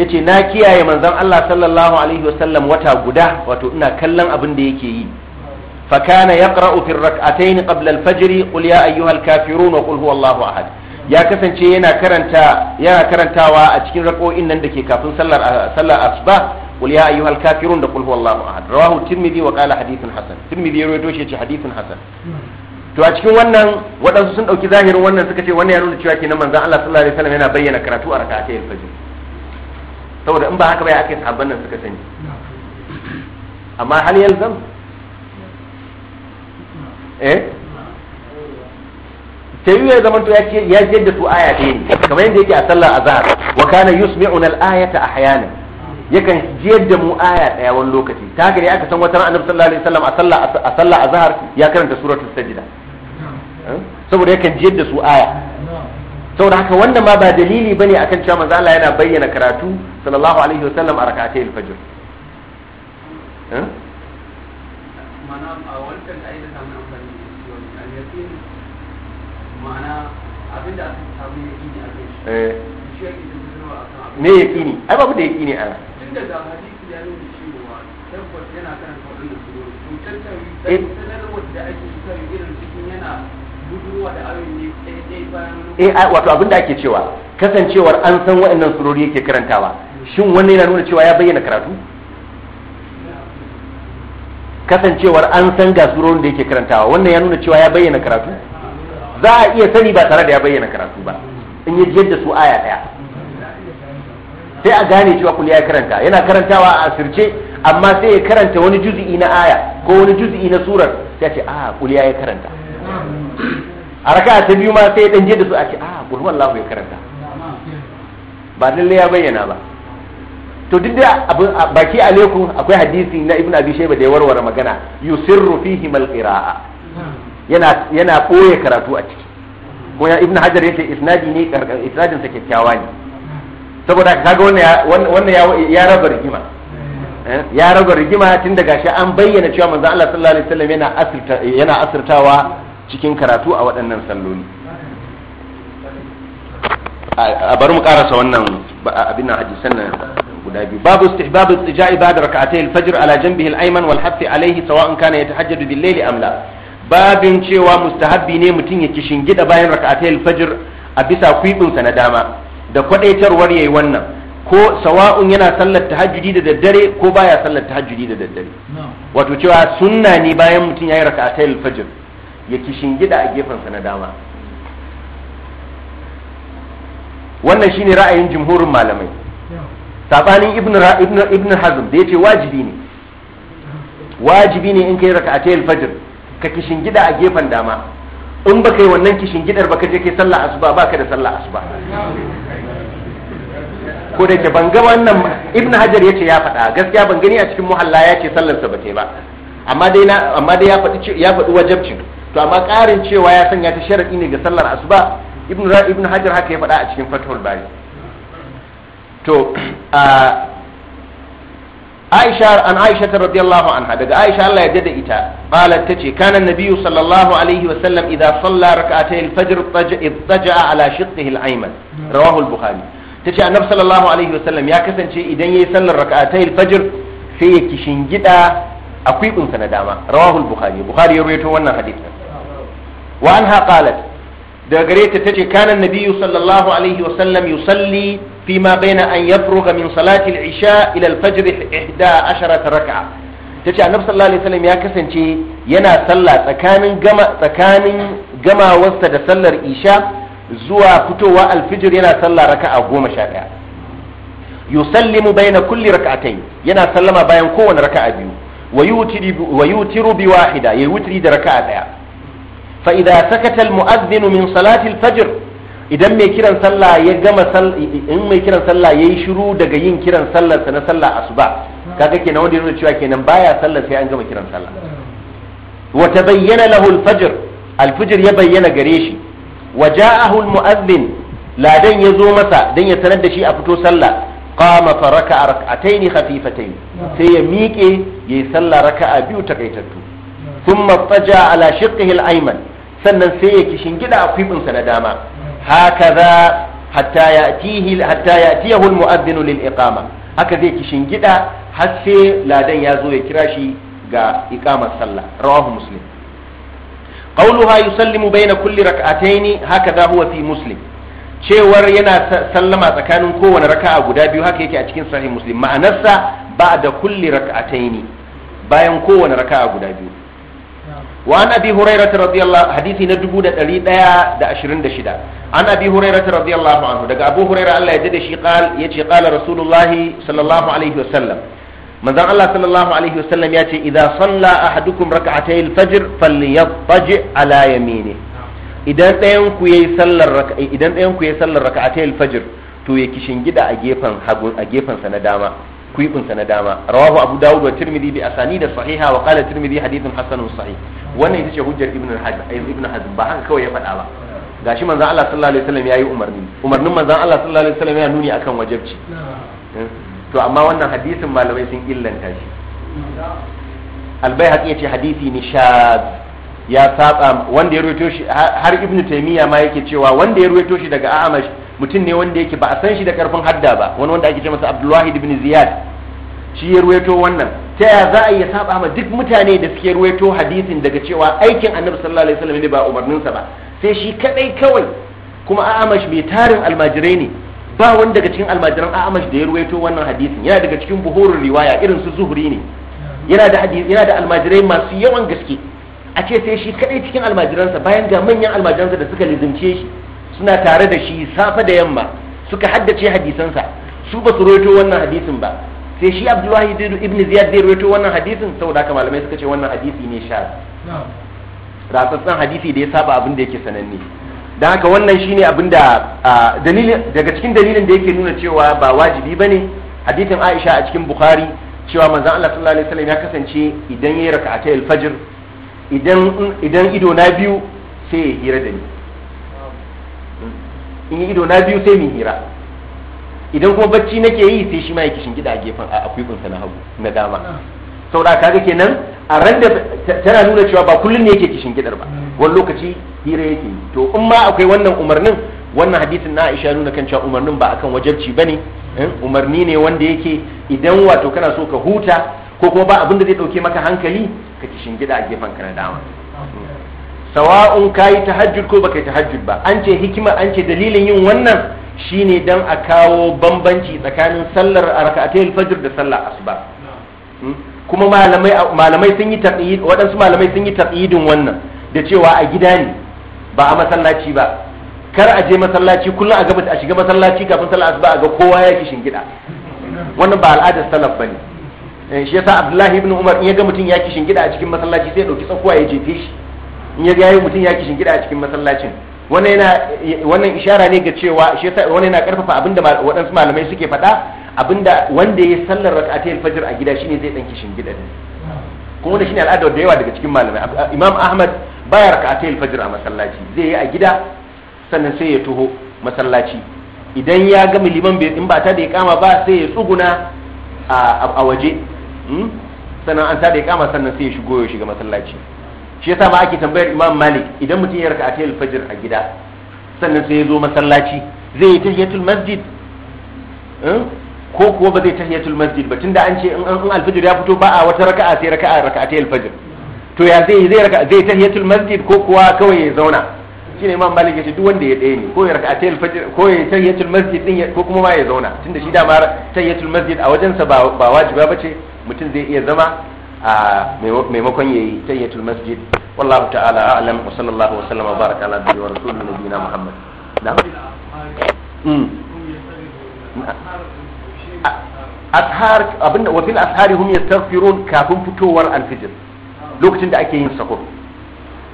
[SPEAKER 1] yace na kiyaye manzon Allah sallallahu alaihi wasallam wata guda wato ina kallon abin da yake yi فكان يقرأ في الركعتين قبل الفجر قل يا أيها الكافرون وقل هو الله أحد ya kasance yana karanta yana karantawa a cikin rako'in nan da ke kafin sallar sallar asuba qul ya ayyuhal kafirun da qul huwallahu ahad rawahu tirmidhi wa qala hadithun hasan tirmidhi ya rawaito shi hadithun hasan to a cikin wannan waɗansu sun ɗauki zahirin wannan suka ce wannan ya nuna cewa kenan manzon Allah sallallahu alaihi wasallam yana bayyana karatu a raka'atay al-fajr saboda in ba haka ba ya ake sahabban nan suka sani amma hal yalzam eh ta yi ya zamanto ya ce ya jiyar da su aya ɗaya ne kamar yadda yake a sallar azhar wa kana yusmi'una al-ayata ahyana yakan jiyar da mu aya ɗaya wani lokaci ta haka aka san wata annabi sallallahu alaihi wasallam a sallar a sallar azhar ya karanta suratul sajda eh? saboda yakan jiyar da su aya saboda haka wanda ma ba dalili bane akan cewa manzo Allah yana bayyana karatu sallallahu alaihi wasallam a rak'atay al-fajr eh? ma'ana a wannan ayatan an amfani da shi wannan
[SPEAKER 2] ne eh. ya kini ai
[SPEAKER 1] babu da ya kini ana eh, eh wato abin da ake cewa kasancewar an san waɗannan surori yake karantawa shin wannan yana nuna cewa ya bayyana karatu kasancewar an san ga surorin da yake karantawa wannan ya nuna cewa ya bayyana karatu za a iya sani ba tare da ya bayyana karatu ba in yi jiyar da su aya ɗaya sai a gane cewa kul ya karanta yana karantawa a asirce amma sai ya karanta wani juzi'i na aya ko wani juzi'i na surar sai ce a ah, kul ya karanta a raka ta biyu ma sai ya dan da su a ce a ah, kul wallahu ya karanta ba lalle ya bayyana ba to duk da baki alaikum akwai hadisi na ibnu abi shayba da ya warware magana yusirru fihi malqira'a yana ɓoye karatu a ciki kuma ibn hajar yace isnadi ne isnadin sa kyakkyawa ne saboda ka ga wannan ya ya raba rigima eh, ya raba rigima tun daga shi an bayyana cewa manzon Allah sallallahu alaihi wasallam yana asirta yana asirtawa cikin karatu a waɗannan salloli a bari mu karasa wannan abin hadisan nan guda biyu babu istihbab istijai ba'da rak'atay al-fajr ala janbihi al-ayman wal hafi alayhi sawa'an kana yatahajjadu bil-layli am la babin cewa mustahabbi ne mutum ya gida bayan raka'atai fajr a bisa kwibinsa na dama da kwadaitarwar yayi wannan ko sawa'un yana sallar tahajjudi da daddare ko baya sallar tahajjudi da daddare
[SPEAKER 2] wato cewa sunna ne
[SPEAKER 1] bayan mutum yayi raka'atai fajr ya gida a gefen sa na dama wannan shine ra'ayin jumhurin malamai sabanin ibn ibn hazm da yace wajibi ne wajibi ne in kai raka'atai fajr ka kishin gida a gefen dama in baka yi wannan kishin gidar baka je kai sallah asuba baka da sallah asuba
[SPEAKER 2] ko da ke ban ga wannan ibn hajar
[SPEAKER 1] yace ya faɗa gaskiya ban gani a cikin muhalla ya ce sallar sa bace ba amma dai na amma dai ya faɗi ya faɗi wajabci to amma ƙarin cewa ya sanya ta sharadi ne ga sallar asuba ibn ibn hajar haka ya faɗa a cikin fathul bari to a aisha an aisha radiyallahu anha daga aisha Allah ya dada ita ta ce kana nabiyyu sallallahu alaihi wa sallam idza salla rak'atay al-fajr ala shiqqihi al-ayman rawahu al-bukhari tace annab sallallahu alaihi wa sallam ya kasance idan yayi sallar rak'atay al-fajr sai ya kishingida a kwikunsa na dama rawahu ya rawaito wannan hadith wa anha qalat daga gare ta tace kana nabiyyu sallallahu alaihi wa sallam yusalli fi ma baina an yafruga min salati al-isha ila al-fajr 11 raka'a tace annabi sallallahu alaihi wasallam ya kasance yana sallah tsakanin gama tsakanin gamawarsa da sallar isha zuwa fitowa al-fajr yana sallah raka'a 11 yusallimu baina kulli raka'atayn yana sallama bayan kowane raka'a biyu wa yutiru bi wahida ya wutri da raka'a daya fa sakatal sakata al mu'adhdhin min idan mai kiran sallah ya gama in mai kiran sallah yi shiru daga yin kiran sallar sa na sallah asuba kaga kenan wanda yana cewa kenan baya sallar sai an gama kiran sallah wa tabayyana lahu al fajr al fajr ya bayyana gare shi wa ja'ahu al mu'adhdhin ladan ya zo masa dan ya sanar da shi a fito sallah qama fa raka'a rak'atayn khafifatayn sai ya miƙe yayi sallah raka'a biyu takaitattu thumma faja ala shiqqihi al-ayman sannan sai ya kishin gida a kwibinsa na dama haka za hatta ya tiyahul mu'addinu lil iqama haka zai kishin gida har sai ladan ya zo ya kira shi ga iqamar sallah rawahu muslim qauluha yusallimu bayna kulli rak'ataini haka za huwa fi muslim cewar yana sallama tsakanin kowane raka'a guda biyu haka yake a cikin sahih muslim ma'anarsa ba'da kulli rak'ataini bayan kowane raka'a guda biyu وعن أبي هريرة رضي الله حديثي ندبو دليل دا أشرين دشدا عن أبي هريرة رضي الله عنه دقى أبو هريرة الله يجدشي قال يجي قال رسول الله صلى الله عليه وسلم من ذا الله صلى الله عليه وسلم يأتي إذا صلى أحدكم ركعتي الفجر فليضطجع على يمينه idan ɗayan ku yayi sallar idan ɗayan ku yayi sallar raka'atay al-fajr to ya kishin gida a gefen hagun a gefen sa na dama takwibin sa na dama rawahu abu dawud wa tirmidhi bi asani da sahiha wa qala tirmidhi hadithun hasanun sahih wannan ita ce hujjar ibn al-hajj eh, ibn hazm ba haka kawai ya faɗa ba gashi manzon Allah sallallahu alaihi wasallam yayi umarni umarnin manzon Allah sallallahu alaihi wasallam ya nuni akan wajibci eh, to amma wannan hadisin malamai sun illanta shi albayhaqi yace hadisi ni ya saba wanda ya ruwaito shi har ibnu taymiya ma yake cewa wanda ya ruwaito shi daga amash mutum ne wanda yake ba a san shi da karfin hadda ba wani wanda ake ce masa abdullahi ibn ziyad shi ya ruwaito wannan ta ya za a iya saba ma duk mutane da suke ruwaito hadisin daga cewa aikin annabi sallallahu alaihi wasallam ne ba umarninsa ba sai shi kadai kawai kuma a'amash mai tarin almajirai ne ba wani daga cikin almajiran a'amash da ya ruwaito wannan hadisin yana daga cikin buhurin riwaya irin su zuhuri ne yana da yana da almajirai masu yawan gaske a ce sai shi kadai cikin almajiransa bayan ga manyan almajiransa da suka lizimce shi suna tare da shi safa da yamma suka haddace hadisansa su ba su roto wannan hadisin ba sai shi abdullahi ibn ziyad zai roto wannan hadisin saboda haka malamai suka ce wannan hadisi ne sha rasassan hadisi da ya saba abin da yake sananne don haka wannan shi ne abin da daga cikin dalilin da yake nuna cewa ba wajibi ba ne hadisin aisha a cikin bukhari cewa manzan Allah sallallahu alaihi wasallam ya kasance idan yayi raka'atai al-fajr idan idan ido na biyu sai ya hira da ni in yi ido na biyu sai min hira idan kuma bacci nake yi sai shi ma ya kishin gida a gefen a kunsa na hagu na dama saboda kaga kenan a ran da tana nuna cewa ba kullum ne yake kishin gidar ba hmm. wani lokaci hira yake yi to in ma akwai wannan umarnin wannan hadisin na Aisha nuna kan cewa umarnin ba akan wajabci bane eh, umarni ne wanda yake idan wato kana so ka huta ko kuma ba abin da zai dauke maka hankali ka kishin gida a gefen ka na dama sawa'un kayi tahajjud ko baka tahajjud ba an ce hikima an ce dalilin yin wannan shine dan a kawo bambanci tsakanin sallar raka'atai alfajr da sallar asuba hmm? kuma malamai malamai sun yi taqyid wadansu malamai sun yi taqyidin wannan da cewa a gida ne ba a masallaci ba kar a je masallaci kullum a gaba a shiga masallaci kafin sallar asuba a ga kowa ya kishin gida wannan ba al'adar salaf bane eh, shi yasa Abdullahi ibn Umar in ya ga mutum ya kishin gida a cikin masallaci sai ya dauki tsakuwa ya jefe shi in ya gaya mutum ya kishin gida a cikin masallacin wannan ishara ne ga cewa wannan yana karfafa abinda waɗansu malamai suke faɗa abinda wanda ya sallar rak'atayil fajr a gida shine zai dan kishin gida ne kuma da shine al'adar da yawa daga cikin malamai Imam Ahmad baya rak'atayil fajr a masallaci zai yi a gida sannan sai ya taho masallaci idan ya ga liman bai in ba ta da ya kama ba sai ya tsuguna a waje hmm? sannan an ta da ya kama sannan sai ya shigo ya shiga masallaci shi yasa ba ake tambayar imam malik idan mutum ya raka a tayar fajr a gida sannan sai ya zo masallaci zai yi tahiyatul masjid hmm? ko kuwa ba zai tahiyatul masjid ba tunda an ce in alfajir ya fito ba a wata raka'a sai raka'a raka'a tayar fajr to ya zai zai raka zai tahiyatul masjid ko kuwa kawai ya zauna shine imam malik ya ce duk wanda ya ɗaya ne ko ya raka'a tayar fajr ko ya tahiyatul masjid din ko kuma ma ya zauna tunda shi dama tahiyatul masjid a wajensa ba ba wajiba bace mutum zai iya zama a ah, maimakon ya yayi tayyatul masjid wallahu ta'ala a'lam wa sallallahu wa sallama baraka ala abdihi wa rasulihi nabiyina muhammad na'am hmm. ashar abinda wa fil ashari hum yastaghfirun kafin fitowar alfijir lokacin da ake yin sahur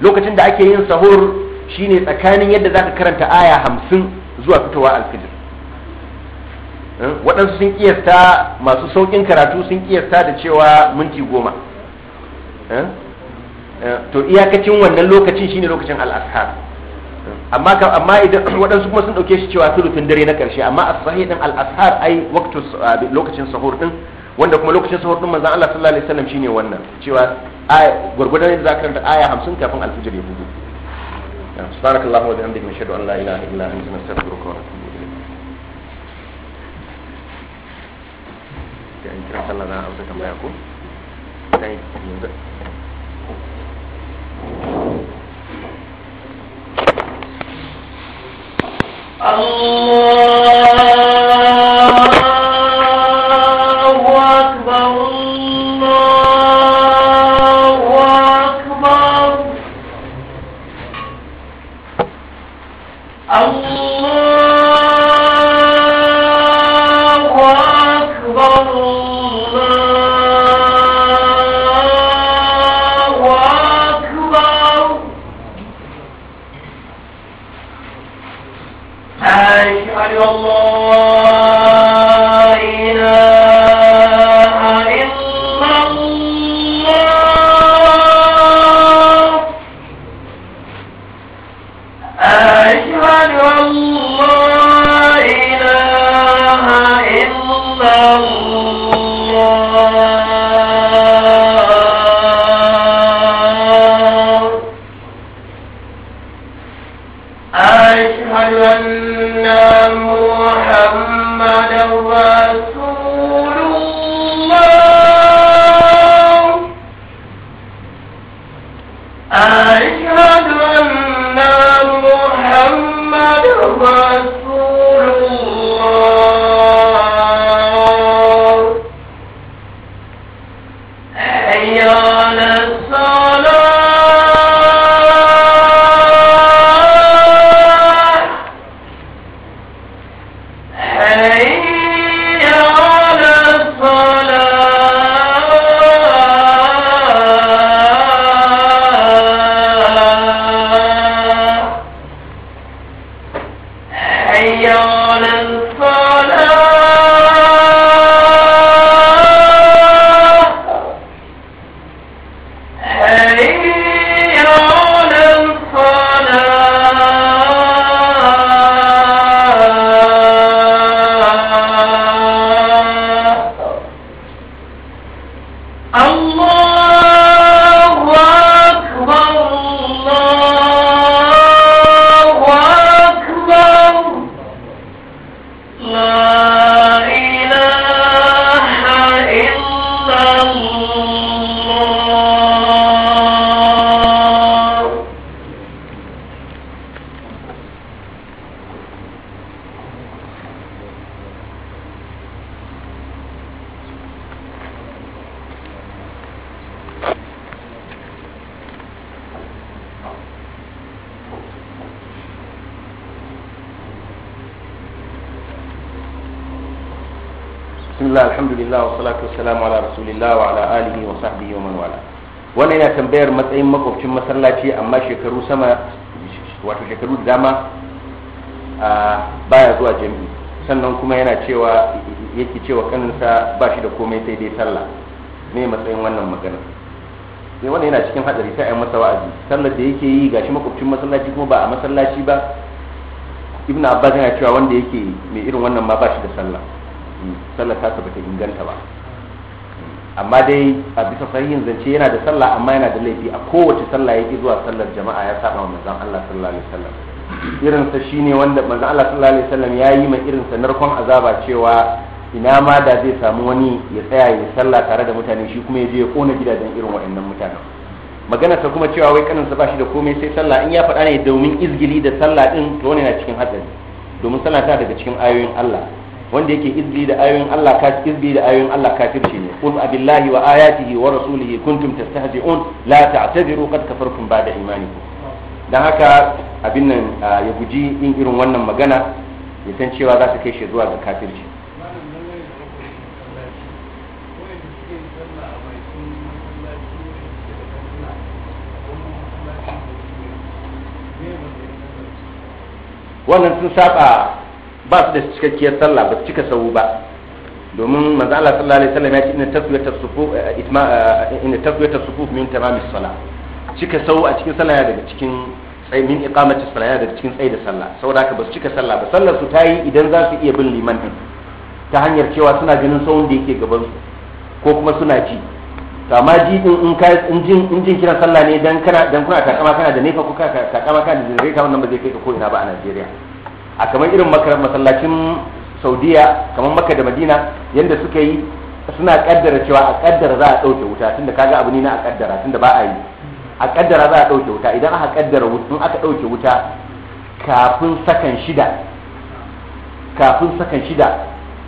[SPEAKER 1] lokacin da ake yin sahur shine tsakanin yadda zaka karanta aya 50 zuwa fitowar alfijir waɗansu sun kiyasta masu sauƙin karatu sun kiyasta da cewa minti goma eh? Eh, to iyakacin wannan lokacin shine lokacin al'ashar eh, amma amma idan waɗansu kuma sun ɗauke shi cewa sulutun dare na ƙarshe amma a sahihin al'ashar ai waqtu lokacin sahur din wanda kuma lokacin sahur din manzon Allah sallallahu alaihi wasallam shine wannan cewa ay gurgurdan da zakar da aya 50 kafin alfajir ya bugu subhanakallahumma wa bihamdika ashhadu an la ilaha illa anta astaghfiruka wa atubu yang terhantarlah dalam Al-Quran sampai aku dan ini juga Allah tambayar matsayin makwabcin masallaci amma shekaru sama wato shekaru da dama baya zuwa jami'i sannan kuma yana cewa yake cewa kaninsa ba shi da komai sai dai sallah ne matsayin wannan magana sai eh, wannan yana cikin hadari sai ayi masa wa'azi sallar da yake yi gashi makwabcin masallaci kuma ba a masallaci ba ibnu abbas yana cewa wanda yake mai irin wannan ma ba shi da sallah hmm, sallar ta ba ta inganta ba amma dai a bisa sahihin zance yana da sallah amma yana da laifi a kowace sallah yake zuwa sallar jama'a ya saba wa manzon Allah sallallahu alaihi wasallam irinsa shine wanda manzon Allah sallallahu alaihi wasallam ya yi ma irin sanarkon narkon azaba cewa ina ma da zai samu wani ya tsaya ya sallah tare da mutane shi kuma ya je ya kona gidajen irin waɗannan mutanen magana ta kuma cewa wai kanin sa bashi da komai sai sallah in ya faɗa ne domin izgili da sallah din to ne na cikin hatsari domin sallah ta daga cikin ayoyin Allah wanda yake izbi da ayoyin Allah ka izbi da ayoyin Allah kafirci ne qul abillahi wa ayatihi wa rasulihi kuntum tastahzi'un la ta'tabiru qad kafartum ba'da imanikum dan haka abin nan ya guji yin irin wannan magana ya san cewa za su kai shi zuwa ga kafirci wannan sun saba ba su da cikakkiyar sallah ba su cika sahu ba domin manzo Allah sallallahu alaihi wasallam ya ce inna taswiyata sufuf eh, itma eh, inna taswiyata sufuf min tamami sala cika sahu a cikin sallah daga cikin sai min iqamati sallah daga cikin tsayi da sallah saboda haka ba su cika sallah ba sallar su tayi idan za su iya bin liman din ta hanyar cewa suna ganin sahun da yake gaban su ko kuma suna ji to amma ji din in ka in jin in jin kiran sallah ne dan kana dan kuna takama kana da nefa ko ka takama kana da zai ka wannan ba zai kai ka ko ina ba a Najeriya a kamar irin masallacin saudiya kamar maka da madina yadda suka yi suna kaddara cewa a kaddara za a ɗauke wuta tunda kaga abu ne na a kaddara tunda ba a yi a kaddara za a ɗauke wuta idan aka kaddara wuta in aka ɗauke wuta kafin sakan shida kafin sakan shida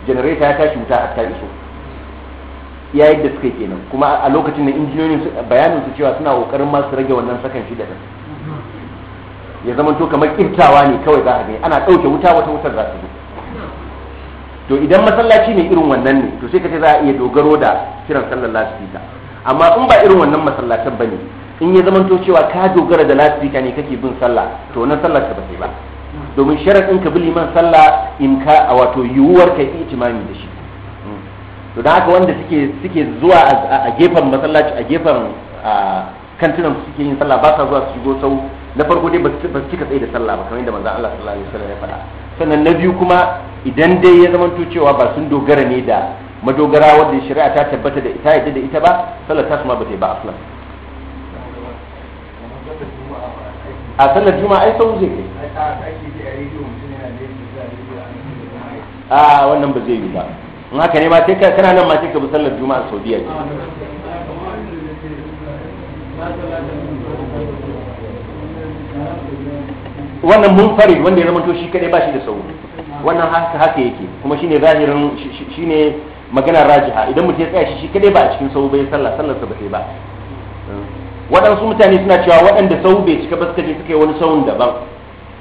[SPEAKER 1] janareta ya tashi wuta a ta iso ya yadda suka yi kenan kuma a lokacin da injiniyoyin bayanin su cewa suna kokarin masu rage wannan sakan shida din ya zama to kamar kirtawa ne kawai za a gani ana ɗauke wuta wata wutar za ta to idan masallaci ne irin wannan ne to sai ka ce za a iya dogaro da kiran sallar lasifika amma in ba irin wannan masallacin ba ne in ya zama to cewa ka dogara da lasifika ne kake bin sallah to wannan sallar ka ba sai ba domin sharaɗin ka bi liman sallah in ka a wato yiwuwar ka yi itimami da shi to don haka wanda suke suke zuwa a gefen masallaci a gefen kantinan suke yin sallah ba sa zuwa su shigo sau na farko dai ba su cika tsaye da sallah ba kamar yadda manzon Allah sallallahu alaihi wasallam ya faɗa sannan na biyu kuma idan dai ya zamanto cewa ba sun dogara ne da madogara wanda shari'a ta tabbata da ita yadda da ita ba sallar ta kuma ba ta yi ba aslan
[SPEAKER 2] a sallar juma'a ai sau zai kai
[SPEAKER 1] a wannan ba zai yi ba in haka ne ma sai ka kana nan ma sai ka bi sallar juma'a sau biyar wannan munfarid wanda ya to shi kadai ba shi da sauri wannan haka haka yake kuma ne zahirin ne magana rajiha idan mutum ya tsaya shi shi kadai ba a cikin sauri bai sallah sallarsa ba sai ba waɗansu mutane suna cewa waɗanda sauri bai cika ba suka je suka yi wani sauyin daban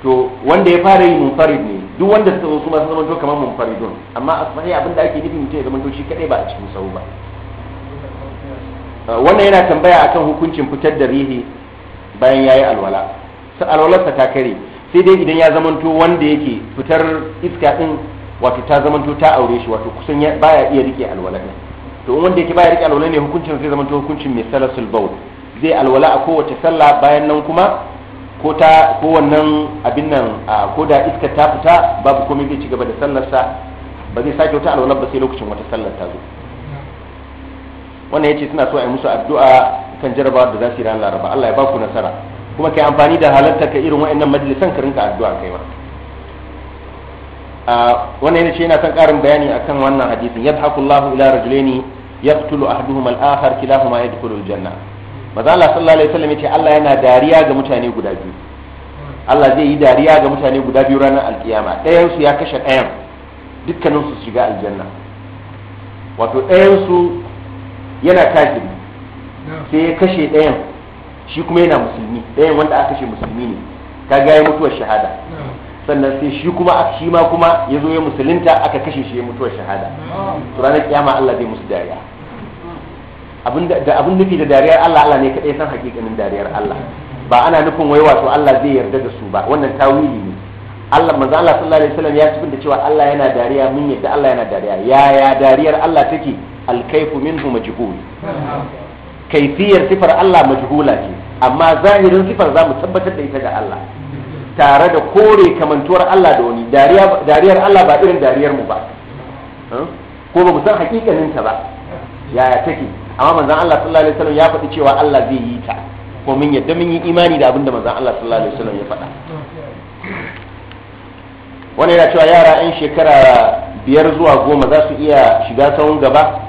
[SPEAKER 1] to wanda ya fara yi munfarid ne duk wanda suka zo su ma zama to kamar munfaridun amma asmahi abin da ake nufi mutum ya to shi kadai ba a cikin sauri ba wannan yana tambaya akan hukuncin fitar da rihi bayan yayi alwala alwalarsa ta kare sai dai idan ya zamanto wanda yake fitar iska din wato ta zamanto ta aure shi wato kusan baya iya rike alwala din to wanda yake baya rike alwala ne hukuncin zai zamanto hukuncin mai salasul bawl zai alwala a kowace sallah bayan nan kuma ko ta ko wannan abin nan ko da iska ta fita babu komai zai ci gaba da sallarsa ba zai sake wata alwala ba sai lokacin wata sallar ta zo wannan yace suna so a yi musu addu'a kan jarabawar da za su yi ranar laraba Allah ya ba ku nasara kuma kai amfani da halarta ka irin wa'annan majalisan ka rinka addu'a kai ma ah, wannan yana ce yana son karin bayani akan wannan hadisin yadhaku Allahu ila rajulaini yaqtulu ahaduhuma al-akhar kilahuma yadkhulu al-janna maza Allah sallallahu alaihi wasallam yace Allah yana dariya ga mutane guda biyu Allah zai yi dariya ga mutane guda biyu ranar alkiyama ɗayan su ya kashe ɗayan dukkanin su shiga aljanna wato ɗayan su yana kafiri sai ya kashe ɗayan shi kuma yana musulmi ɗayan wanda aka kashe musulmi ne ka ga ya mutuwar shahada sannan sai shi kuma shi ma kuma ya zo ya musulunta aka kashe shi ya mutuwar shahada to ranar kiyama Allah zai musu dariya da abin nufi da dariyar Allah Allah ne kadai san hakikanin dariyar Allah ba ana nufin wai wato Allah zai yarda da su ba wannan tawili ne Allah manzo Allah sallallahu alaihi wasallam ya tabbata cewa Allah yana dariya mun yadda Allah yana dariya ya ya dariyar Allah take alkaifu minhu majhul kaifiyar sifar Allah majhula ce amma zahirin sifar za mu tabbatar da ita ga Allah tare da kore kamantuwar Allah da wani dariyar Allah ba irin dariyar mu ba ko ba mu san ta ba yaya take amma manzon Allah sallallahu alaihi wasallam ya faɗi cewa Allah zai yi ta ko mun yadda mun yi imani da abinda manzon Allah sallallahu alaihi wasallam ya faɗa wani yana cewa yara 'yan shekara biyar zuwa goma za su iya shiga tsawon gaba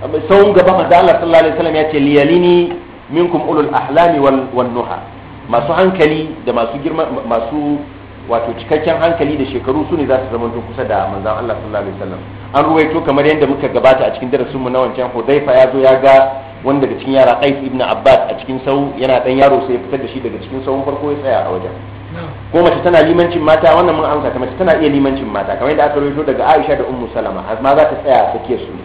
[SPEAKER 1] sau gaba manzo Allah sallallahu alaihi wasallam ya ce liyalini minkum ulul ahlami wal nuha masu hankali da masu girma masu wato cikakken hankali da shekaru su ne za su zama kusa da manzan Allah sallallahu alaihi wasallam an ruwaito kamar yadda muka gabata a cikin darasinmu na wancan Hudaifa ya zo ya ga wanda daga cikin yara Qais ibn Abbas a cikin sau yana dan yaro sai ya fitar da shi daga cikin sauran farko ya tsaya a wajen ko mace tana limancin mata wannan mun amsa ta mace tana iya limancin mata kamar yadda aka ruwaito daga Aisha da Ummu Salama amma za ta tsaya a tsakiyar su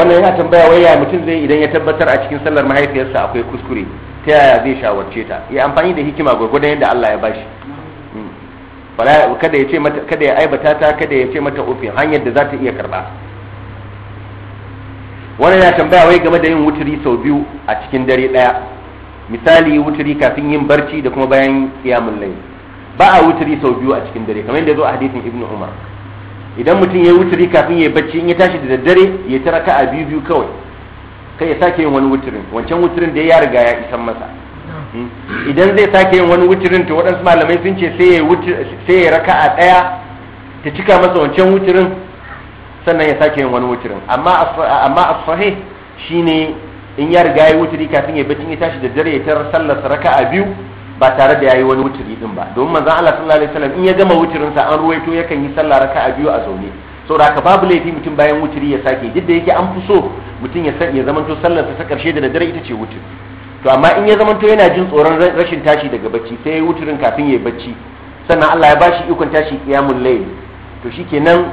[SPEAKER 1] wannan yana tambaya wai yaya mutum zai idan ya tabbatar a cikin sallar mahaifiyarsa akwai kuskure ta yaya zai shawarce ta ya amfani da hikima gwargwadon yadda Allah ya bashi hmm. kada ya ce mata kada ya aibata ta kada ya ce mata ofin hanyar da za ta iya karba wannan yana tambaya wai game da yin wuturi sau biyu a cikin dare daya misali wuturi kafin yin barci da kuma bayan qiyamul layl ba a wuturi sau biyu a cikin dare kamar yadda zo a hadisin ibnu umar idan mutum ya yi wuturi kafin ya yi bacci in ya tashi da daddare ya ta raka a biyu biyu kawai kai ya sake yin wani wuturin wancan wuturin da ya riga ya isan masa hmm. idan zai sake yin wani wuturin to waɗansu malamai sun ce sai ya raka a ɗaya ta cika masa wancan wuturin sannan ya sake yin wani wuturin amma asfahi shine in ya riga ya wuturi kafin ya bacci ya tashi da daddare ya ta sallar raka a biyu ba tare da yayi wani wuturi din ba domin manzon Allah sallallahu alaihi wasallam in ya gama wuturin sa an ruwaito yakan yi sallah raka'a biyu a zaune saboda ka babu laifi mutum bayan wuturi ya sake duk da yake an fi so mutum ya ya zamanto sallar ta karshe da daddare ita ce wuturi to amma in ya zamanto yana jin tsoron rashin tashi daga bacci sai ya wuturin kafin ya bacci sannan Allah ya bashi ikon tashi qiyamul layl to shikenan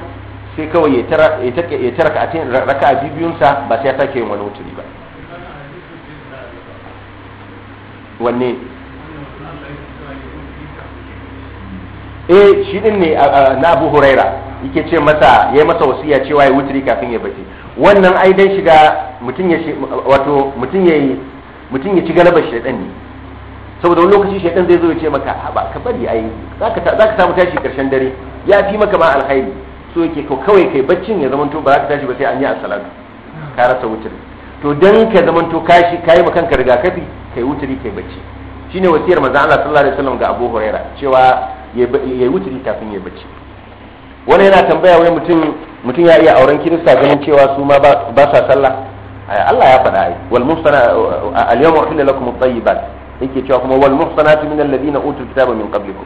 [SPEAKER 1] sai kawai ya tara ya tara raka'a biyun sa ba sai ya sake yin wani wuturi ba wanne eh shi din ne na Abu Huraira yake ce masa yayi masa wasiya cewa ya wuturi kafin ya bace wannan ai dan shiga mutum ya wato mutun yayi mutun ya ci galabar shaytan ne saboda wani lokaci shaytan zai zo ya ce maka ba ka bari ai zaka zaka samu tashi karshen dare ya fi maka ma alkhairi so yake ko kawai kai baccin ya zamanto ba za ka tashi ba sai an yi as-salatu ka rasa wuturi to dan ka zamanto kashi kai maka kanka rigakafi kai wuturi kai bacci shine wasiyar manzo Allah sallallahu alaihi wasallam ga Abu Huraira cewa ya wuturi kafin ya bacci wani yana tambaya wai mutum mutum ya iya auren kirista ganin cewa su ma ba sa sallah Allah ya faɗa ai wal muhsana al yawma uhilla lakum at-tayyibat yake cewa kuma wal muhsanatu min alladhina utul kitaba min qablikum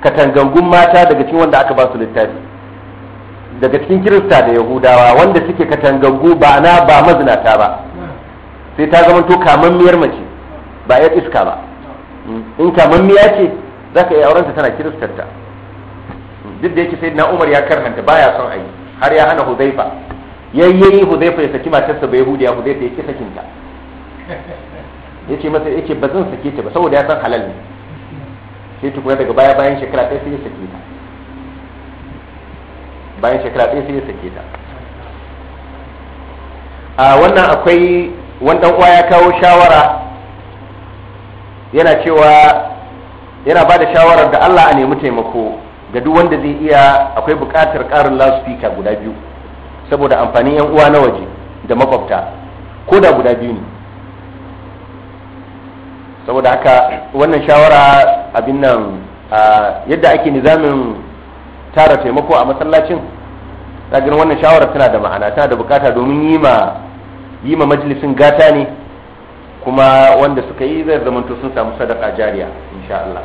[SPEAKER 1] katangangun mata daga cikin wanda aka ba su littafi daga cikin kirista da yahudawa wanda suke katangangu ba na ba mazinata ba sai ta zama to kamammiyar mace ba ya iska ba in kamammiyar ce za ka iya aurenta tana kiristanta duk da yake sai na umar ya karnanta baya son ayi har ya hana huzaifa yayyayi huzaifa ya saki matarsa bai ya huzaifa ya sakin sakinta ya ce masa ya ce ba zan sake ta ba saboda ya san halal ne sai tukuna daga baya bayan shekara ɗaya sai ya sake ta bayan shekara ɗaya sai ya sake ta a wannan akwai wani uwa ya kawo shawara yana cewa yana ba da shawarar da Allah a nemi taimako ga duk wanda zai iya akwai buƙatar ƙarin lasfika guda biyu saboda amfanin yan uwa na waje da makwabta ko da guda biyu ne saboda haka wannan shawara abin nan yadda ake nizamin tara taimako a masallacin ta wannan shawara tana da ma'ana tana da bukata domin yi ma yi ma majalisin gata ne kuma wanda suka yi zai zamanto sun samu sadaka jariya insha Allah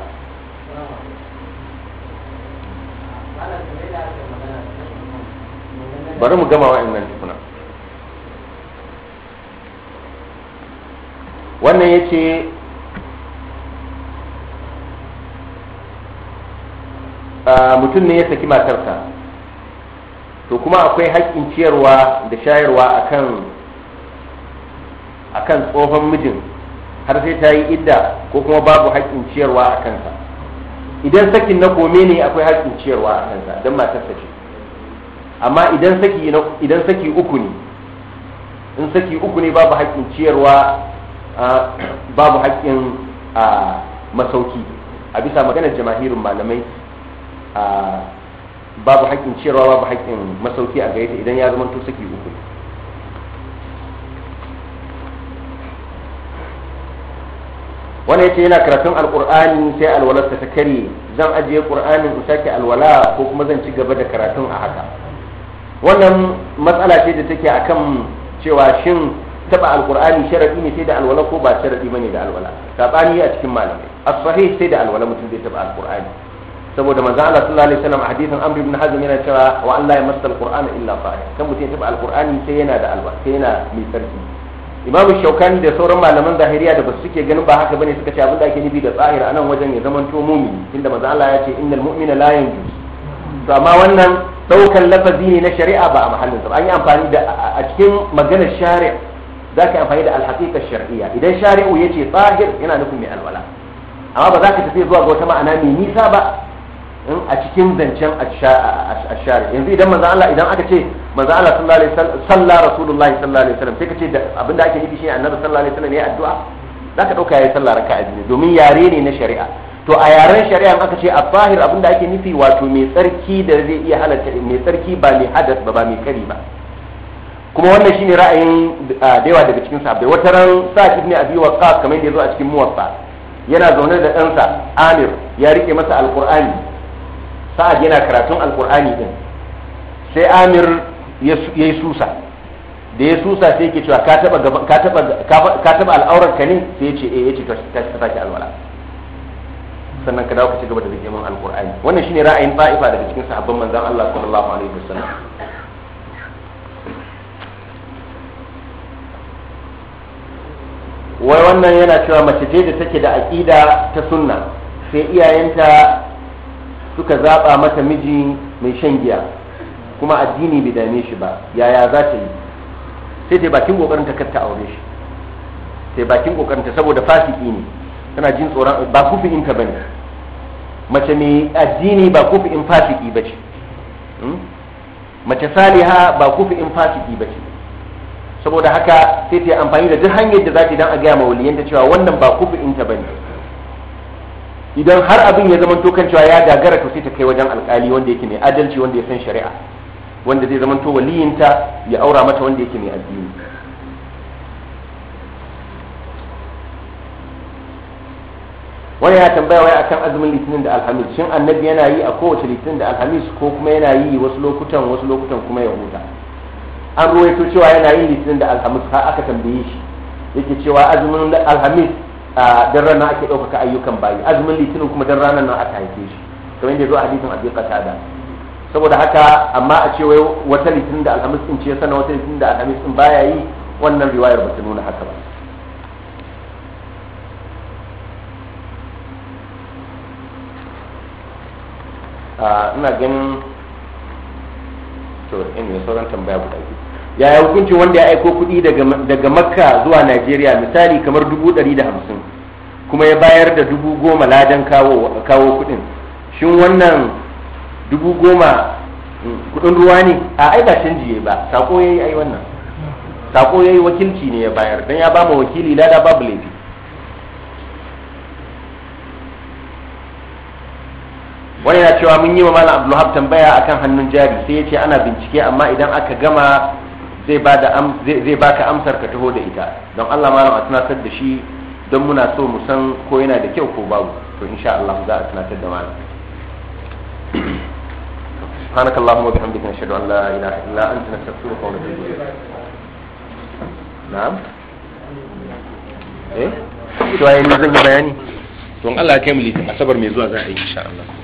[SPEAKER 1] bari mu gama wa'annan tukuna wannan ya ce mutum ne ya saki matarsa to kuma akwai haƙƙin ciyarwa da shayarwa akan a kan tsohon mijin har sai ta yi idda ko kuma babu haƙƙin ciyarwa a kansa idan sakin na kome ne akwai haƙƙin ciyarwa a kansa don ta ce amma idan saki idan saki uku ne in saki uku ne babu haƙƙin ciyarwa babu haƙƙin masauki a bisa maganar jamahirin malamai babu haƙƙin ciyarwa babu haƙƙin masauki a gaita idan ya zama to saki uku ne wani yace yana karatun alqur'ani sai alwalarsa ta kare zan ajiye qur'anin in sake alwala ko kuma zan ci gaba da karatun a haka wannan matsala ce da take akan cewa shin taba alqur'ani sharadi ne sai da alwala ko ba sharadi bane da alwala sabani a cikin malamai as-sahih sai da alwala mutum zai taba alqur'ani saboda manzo Allah sallallahu alaihi wasallam hadithan Amr ibn Hazm yana cewa wa Allah ya massa alqur'ana illa tahir kan mutum ya taba alqur'ani sai yana da alwala sai yana mai sarki imam shaukani da sauran malaman zahiriya da basu suke ganin ba haka bane suka ce abin da ake nufi da tsahir anan wajen ya zama to mumini tunda manzo Allah ya ce innal mu'mina la yanjus to amma wannan daukan lafazi ne na shari'a ba a mahallin sa an yi amfani da a cikin maganar shari'a zaka amfani da alhaqiqa shar'iyya idan shari'u yace tsahir yana nufin mai alwala amma ba za ka tafi zuwa ga wata ma'ana mai nisa ba a cikin zancen ashari yanzu idan manzo Allah idan aka ce manzo Allah sallallahu alaihi wasallam salla rasulullahi sallallahu alaihi wasallam sai ka ce abinda ake nufi shine annabi sallallahu alaihi wasallam yayi addu'a zaka dauka yayi sallah raka'a biyu domin yare ne na shari'a to a yaren shari'a aka ce abahir abinda ake nufi wato mai tsarki da zai iya halatta mai tsarki ba mai hadas ba ba mai kari ba kuma wannan shine ra'ayin da yawa daga cikin sahabbai wata ran sa'id ibn abi waqqas kamar da zo a cikin muwaffa yana zaune da ɗansa amir ya rike masa alqur'ani sa'ad yana karatun alkur'ani din sai amir ya yi susa da ya susa sai yake cewa ka taba al'aurar ka ne sai ya ce eh ya ce ta sake alwala sannan ka dawo ka ci gaba da rigimin alkur'ani wannan shine ra'ayin fa'ifa daga cikin sahabban manzon Allah sallallahu alaihi wasallam wai wannan yana cewa mace ce da take da aqida ta sunna sai iyayenta suka zaba mata miji mai shan giya kuma addini bai dame shi ba yaya za ta yi sai ta bakin kokarin ta katta aure shi sai bakin kokarin ta saboda fasiki ne tana jin tsoron ba in ta bane mace mai addini ba kufi in fasiki bace hmm? mace saliha ba kufi in fasiki bace saboda haka sai ta amfani da duk hanyar da za ta dan a ga mawaliyanta cewa wannan ba in ta bane idan har abin ya zama kan cewa ya gagara to sai ta kai wajen alkali wanda yake mai adalci wanda ya san shari'a wanda zai zama to waliyinta ya aura mata wanda yake mai addini wani ya tambaya wai akan azumin litinin da alhamis shin annabi yana yi a kowace litinin da alhamis ko kuma yana yi wasu lokutan wasu lokutan kuma ya huta an ruwaito cewa yana yin litinin da alhamis har aka tambaye shi yake cewa azumin alhamis dan rana ake ɗaukaka ayyukan bayi azumin litinin kuma dan ranar nan aka haife shi kamar yadda zo a hadisin abi qatada saboda haka amma a ce wata litinin da alhamis din ce sana wata litinin da alhamis din baya yi wannan riwayar ba ta nuna haka ba ina ganin to in sauran tambaya guda biyu yaya hukuncin wanda ya aiko kuɗi daga makka zuwa najeriya misali kamar dubu ɗari da hamsin kuma ya bayar da dubu goma ladan kawo kuɗin shin wannan dubu goma mm, kuɗin ruwa ne a ai ba canji ba sako ya yi ai wannan sako ya yi wakilci ne ya bayar don ya ba ma wakili lada babu laifi wani na cewa mun yi wa malam abdulhab tambaya akan hannun jari sai ya ce ana bincike amma idan aka gama zai ba da zai baka amsar ka taho da ita don Allah malam a tunatar da shi don muna so mu san ko yana da kyau ko babu to insha Allah za a tunatar da malam سبحانك اللهم وبحمدك نشهد ان لا اله الا انت نستغفرك ونتوب اليك نعم eh to ai mun zanga bayani don Allah ya kai mu litin asabar mai zuwa za a yi insha Allah